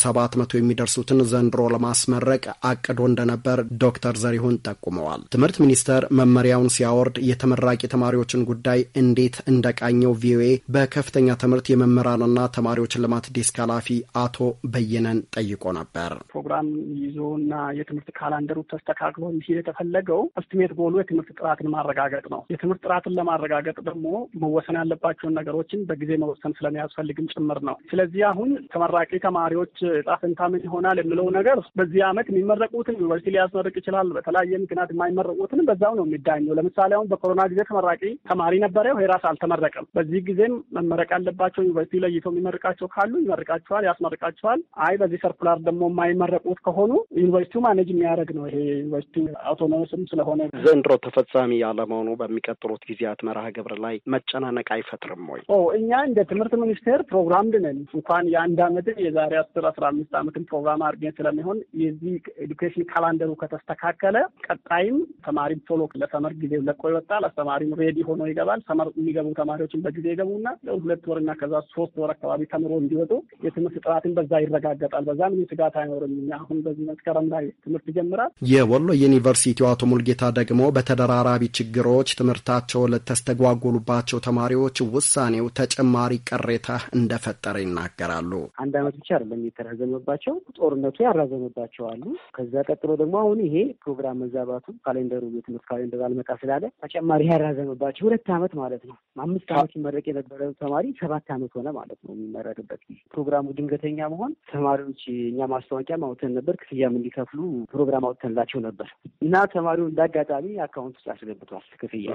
መቶ የሚደርሱትን ዘንድሮ ለማስመረቅ አቅዶ እንደነበር ዶክተር ዘሪሁን ጠቁመዋል። ትምህርት ሚኒስቴር መመሪያውን ሲያወርድ የተመራቂ ተማሪዎችን ጉዳይ እንዴት እንደቃኘው ቪኦኤ በከፍተኛ ትምህርት የመምህራንና ተማሪዎች ልማት ዴስክ ኃላፊ አቶ በየነን ጠይቆ ነበር። ፕሮግራም ይዞ እና የትምህርት ካላንደሩ ተስተካክሎ ሲል የተፈለገው እስቲሜት ጎሉ የትምህርት ጥራትን ማረጋገጥ ነው። የትምህርት ጥራትን ለማረጋገጥ ደግሞ መወሰን ያለባቸውን ነገሮችን በጊዜ መወሰን ስለሚያስፈልግም ጭምር ነው። ስለዚህ አሁን ተመራቂ ተማሪዎች ዕጣ ፈንታ ምን ይሆናል የምለው ነገር በዚህ ዓመት የሚመረቁትን ዩኒቨርሲቲ ሊያስመርቅ ይችላል። በተለያየ ምክንያት የማይመረቁትን በዛው ነው የሚዳኘው። ለምሳሌ አሁን በኮሮና ጊዜ ተመራቂ ተማሪ ነበረ፣ ይሄ ራስ አልተመረቀም። በዚህ ጊዜም መመረቅ ያለባቸው ዩኒቨርሲቲ ለይቶ የሚመርቃቸው ካሉ ይመርቃቸዋል፣ ያስመርቃቸዋል። አይ በዚህ ሰርኩላር ደግሞ የማይመረ የሚለቁት ከሆኑ ዩኒቨርሲቲው ማኔጅ የሚያደርግ ነው። ይሄ ዩኒቨርሲቲ አውቶኖመስም ስለሆነ ዘንድሮ ተፈጻሚ ያለመሆኑ በሚቀጥሉት ጊዜያት መርሃ ግብር ላይ መጨናነቅ አይፈጥርም ወይ? እኛ እንደ ትምህርት ሚኒስቴር ፕሮግራም ድነን እንኳን የአንድ አመትን የዛሬ አስር አስራ አምስት አመትን ፕሮግራም አድርገን ስለሚሆን የዚህ ኤዱኬሽን ካላንደሩ ከተስተካከለ ቀጣይም ተማሪም ቶሎ ለሰመር ጊዜ ለቆ ይወጣል። አስተማሪም ሬዲ ሆኖ ይገባል። ሰመር የሚገቡ ተማሪዎችን በጊዜ ይገቡና ሁለት ወርና ከዛ ሶስት ወር አካባቢ ተምሮ እንዲወጡ የትምህርት ጥራትን በዛ ይረጋገጣል። በዛ ምንም ስጋት አይኖርም። አሁን በዚህ መስከረም ላይ ትምህርት ይጀምራል። የወሎ ዩኒቨርሲቲው አቶ ሙልጌታ ደግሞ በተደራራቢ ችግሮች ትምህርታቸው ለተስተጓጎሉባቸው ተማሪዎች ውሳኔው ተጨማሪ ቅሬታ እንደፈጠረ ይናገራሉ። አንድ አመት ብቻ አይደለም የተራዘመባቸው፣ ጦርነቱ ያራዘመባቸው አሉ። ከዛ ቀጥሎ ደግሞ አሁን ይሄ ፕሮግራም መዛባቱ ካሌንደሩ የትምህርት ካሌንደር አልመጣ ስላለ ተጨማሪ ያራዘመባቸው ሁለት አመት ማለት ነው። አምስት አመት ይመረቅ የነበረ ተማሪ ሰባት አመት ሆነ ማለት ነው የሚመረቅበት ፕሮግራሙ ድንገተኛ መሆን ተማሪዎች እኛ ማስታወቂያ አውጥተን ነበር። ክፍያም እንዲከፍሉ ፕሮግራም አውጥተንላቸው ነበር እና ተማሪው እንዳጋጣሚ አካውንት ውስጥ አስገብቷል ክፍያ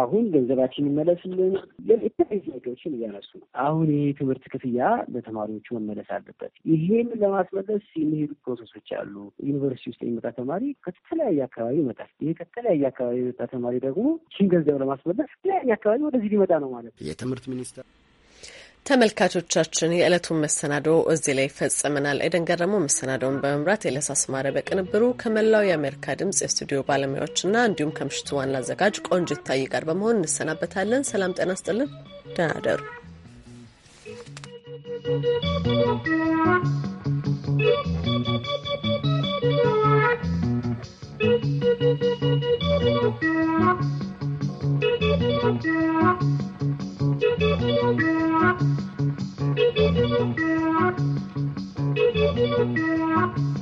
አሁን ገንዘባችን ይመለስልን የተለያዩ ጥያቄዎችን እያነሱ ነው። አሁን ይህ ትምህርት ክፍያ ለተማሪዎቹ መመለስ አለበት። ይሄን ለማስመለስ የሚሄዱ ፕሮሰሶች አሉ። ዩኒቨርሲቲ ውስጥ የሚመጣ ተማሪ ከተለያየ አካባቢ ይመጣል። ይሄ ከተለያየ አካባቢ የመጣ ተማሪ ደግሞ ይህን ገንዘብ ለማስመለስ ከተለያየ አካባቢ ወደዚህ ሊመጣ ነው ማለት የትምህርት ሚኒስቴር ተመልካቾቻችን የዕለቱን መሰናዶ እዚህ ላይ ይፈጽመናል። ኤደን ገረሞ መሰናዶውን በመምራት የለሳ አስማረ በቅንብሩ ከመላው የአሜሪካ ድምፅ የስቱዲዮ ባለሙያዎችና እንዲሁም ከምሽቱ ዋና አዘጋጅ ቆንጅት ታዬ ጋር በመሆን እንሰናበታለን። ሰላም ጤና ስጥልን። ደህና ደሩ Thank you.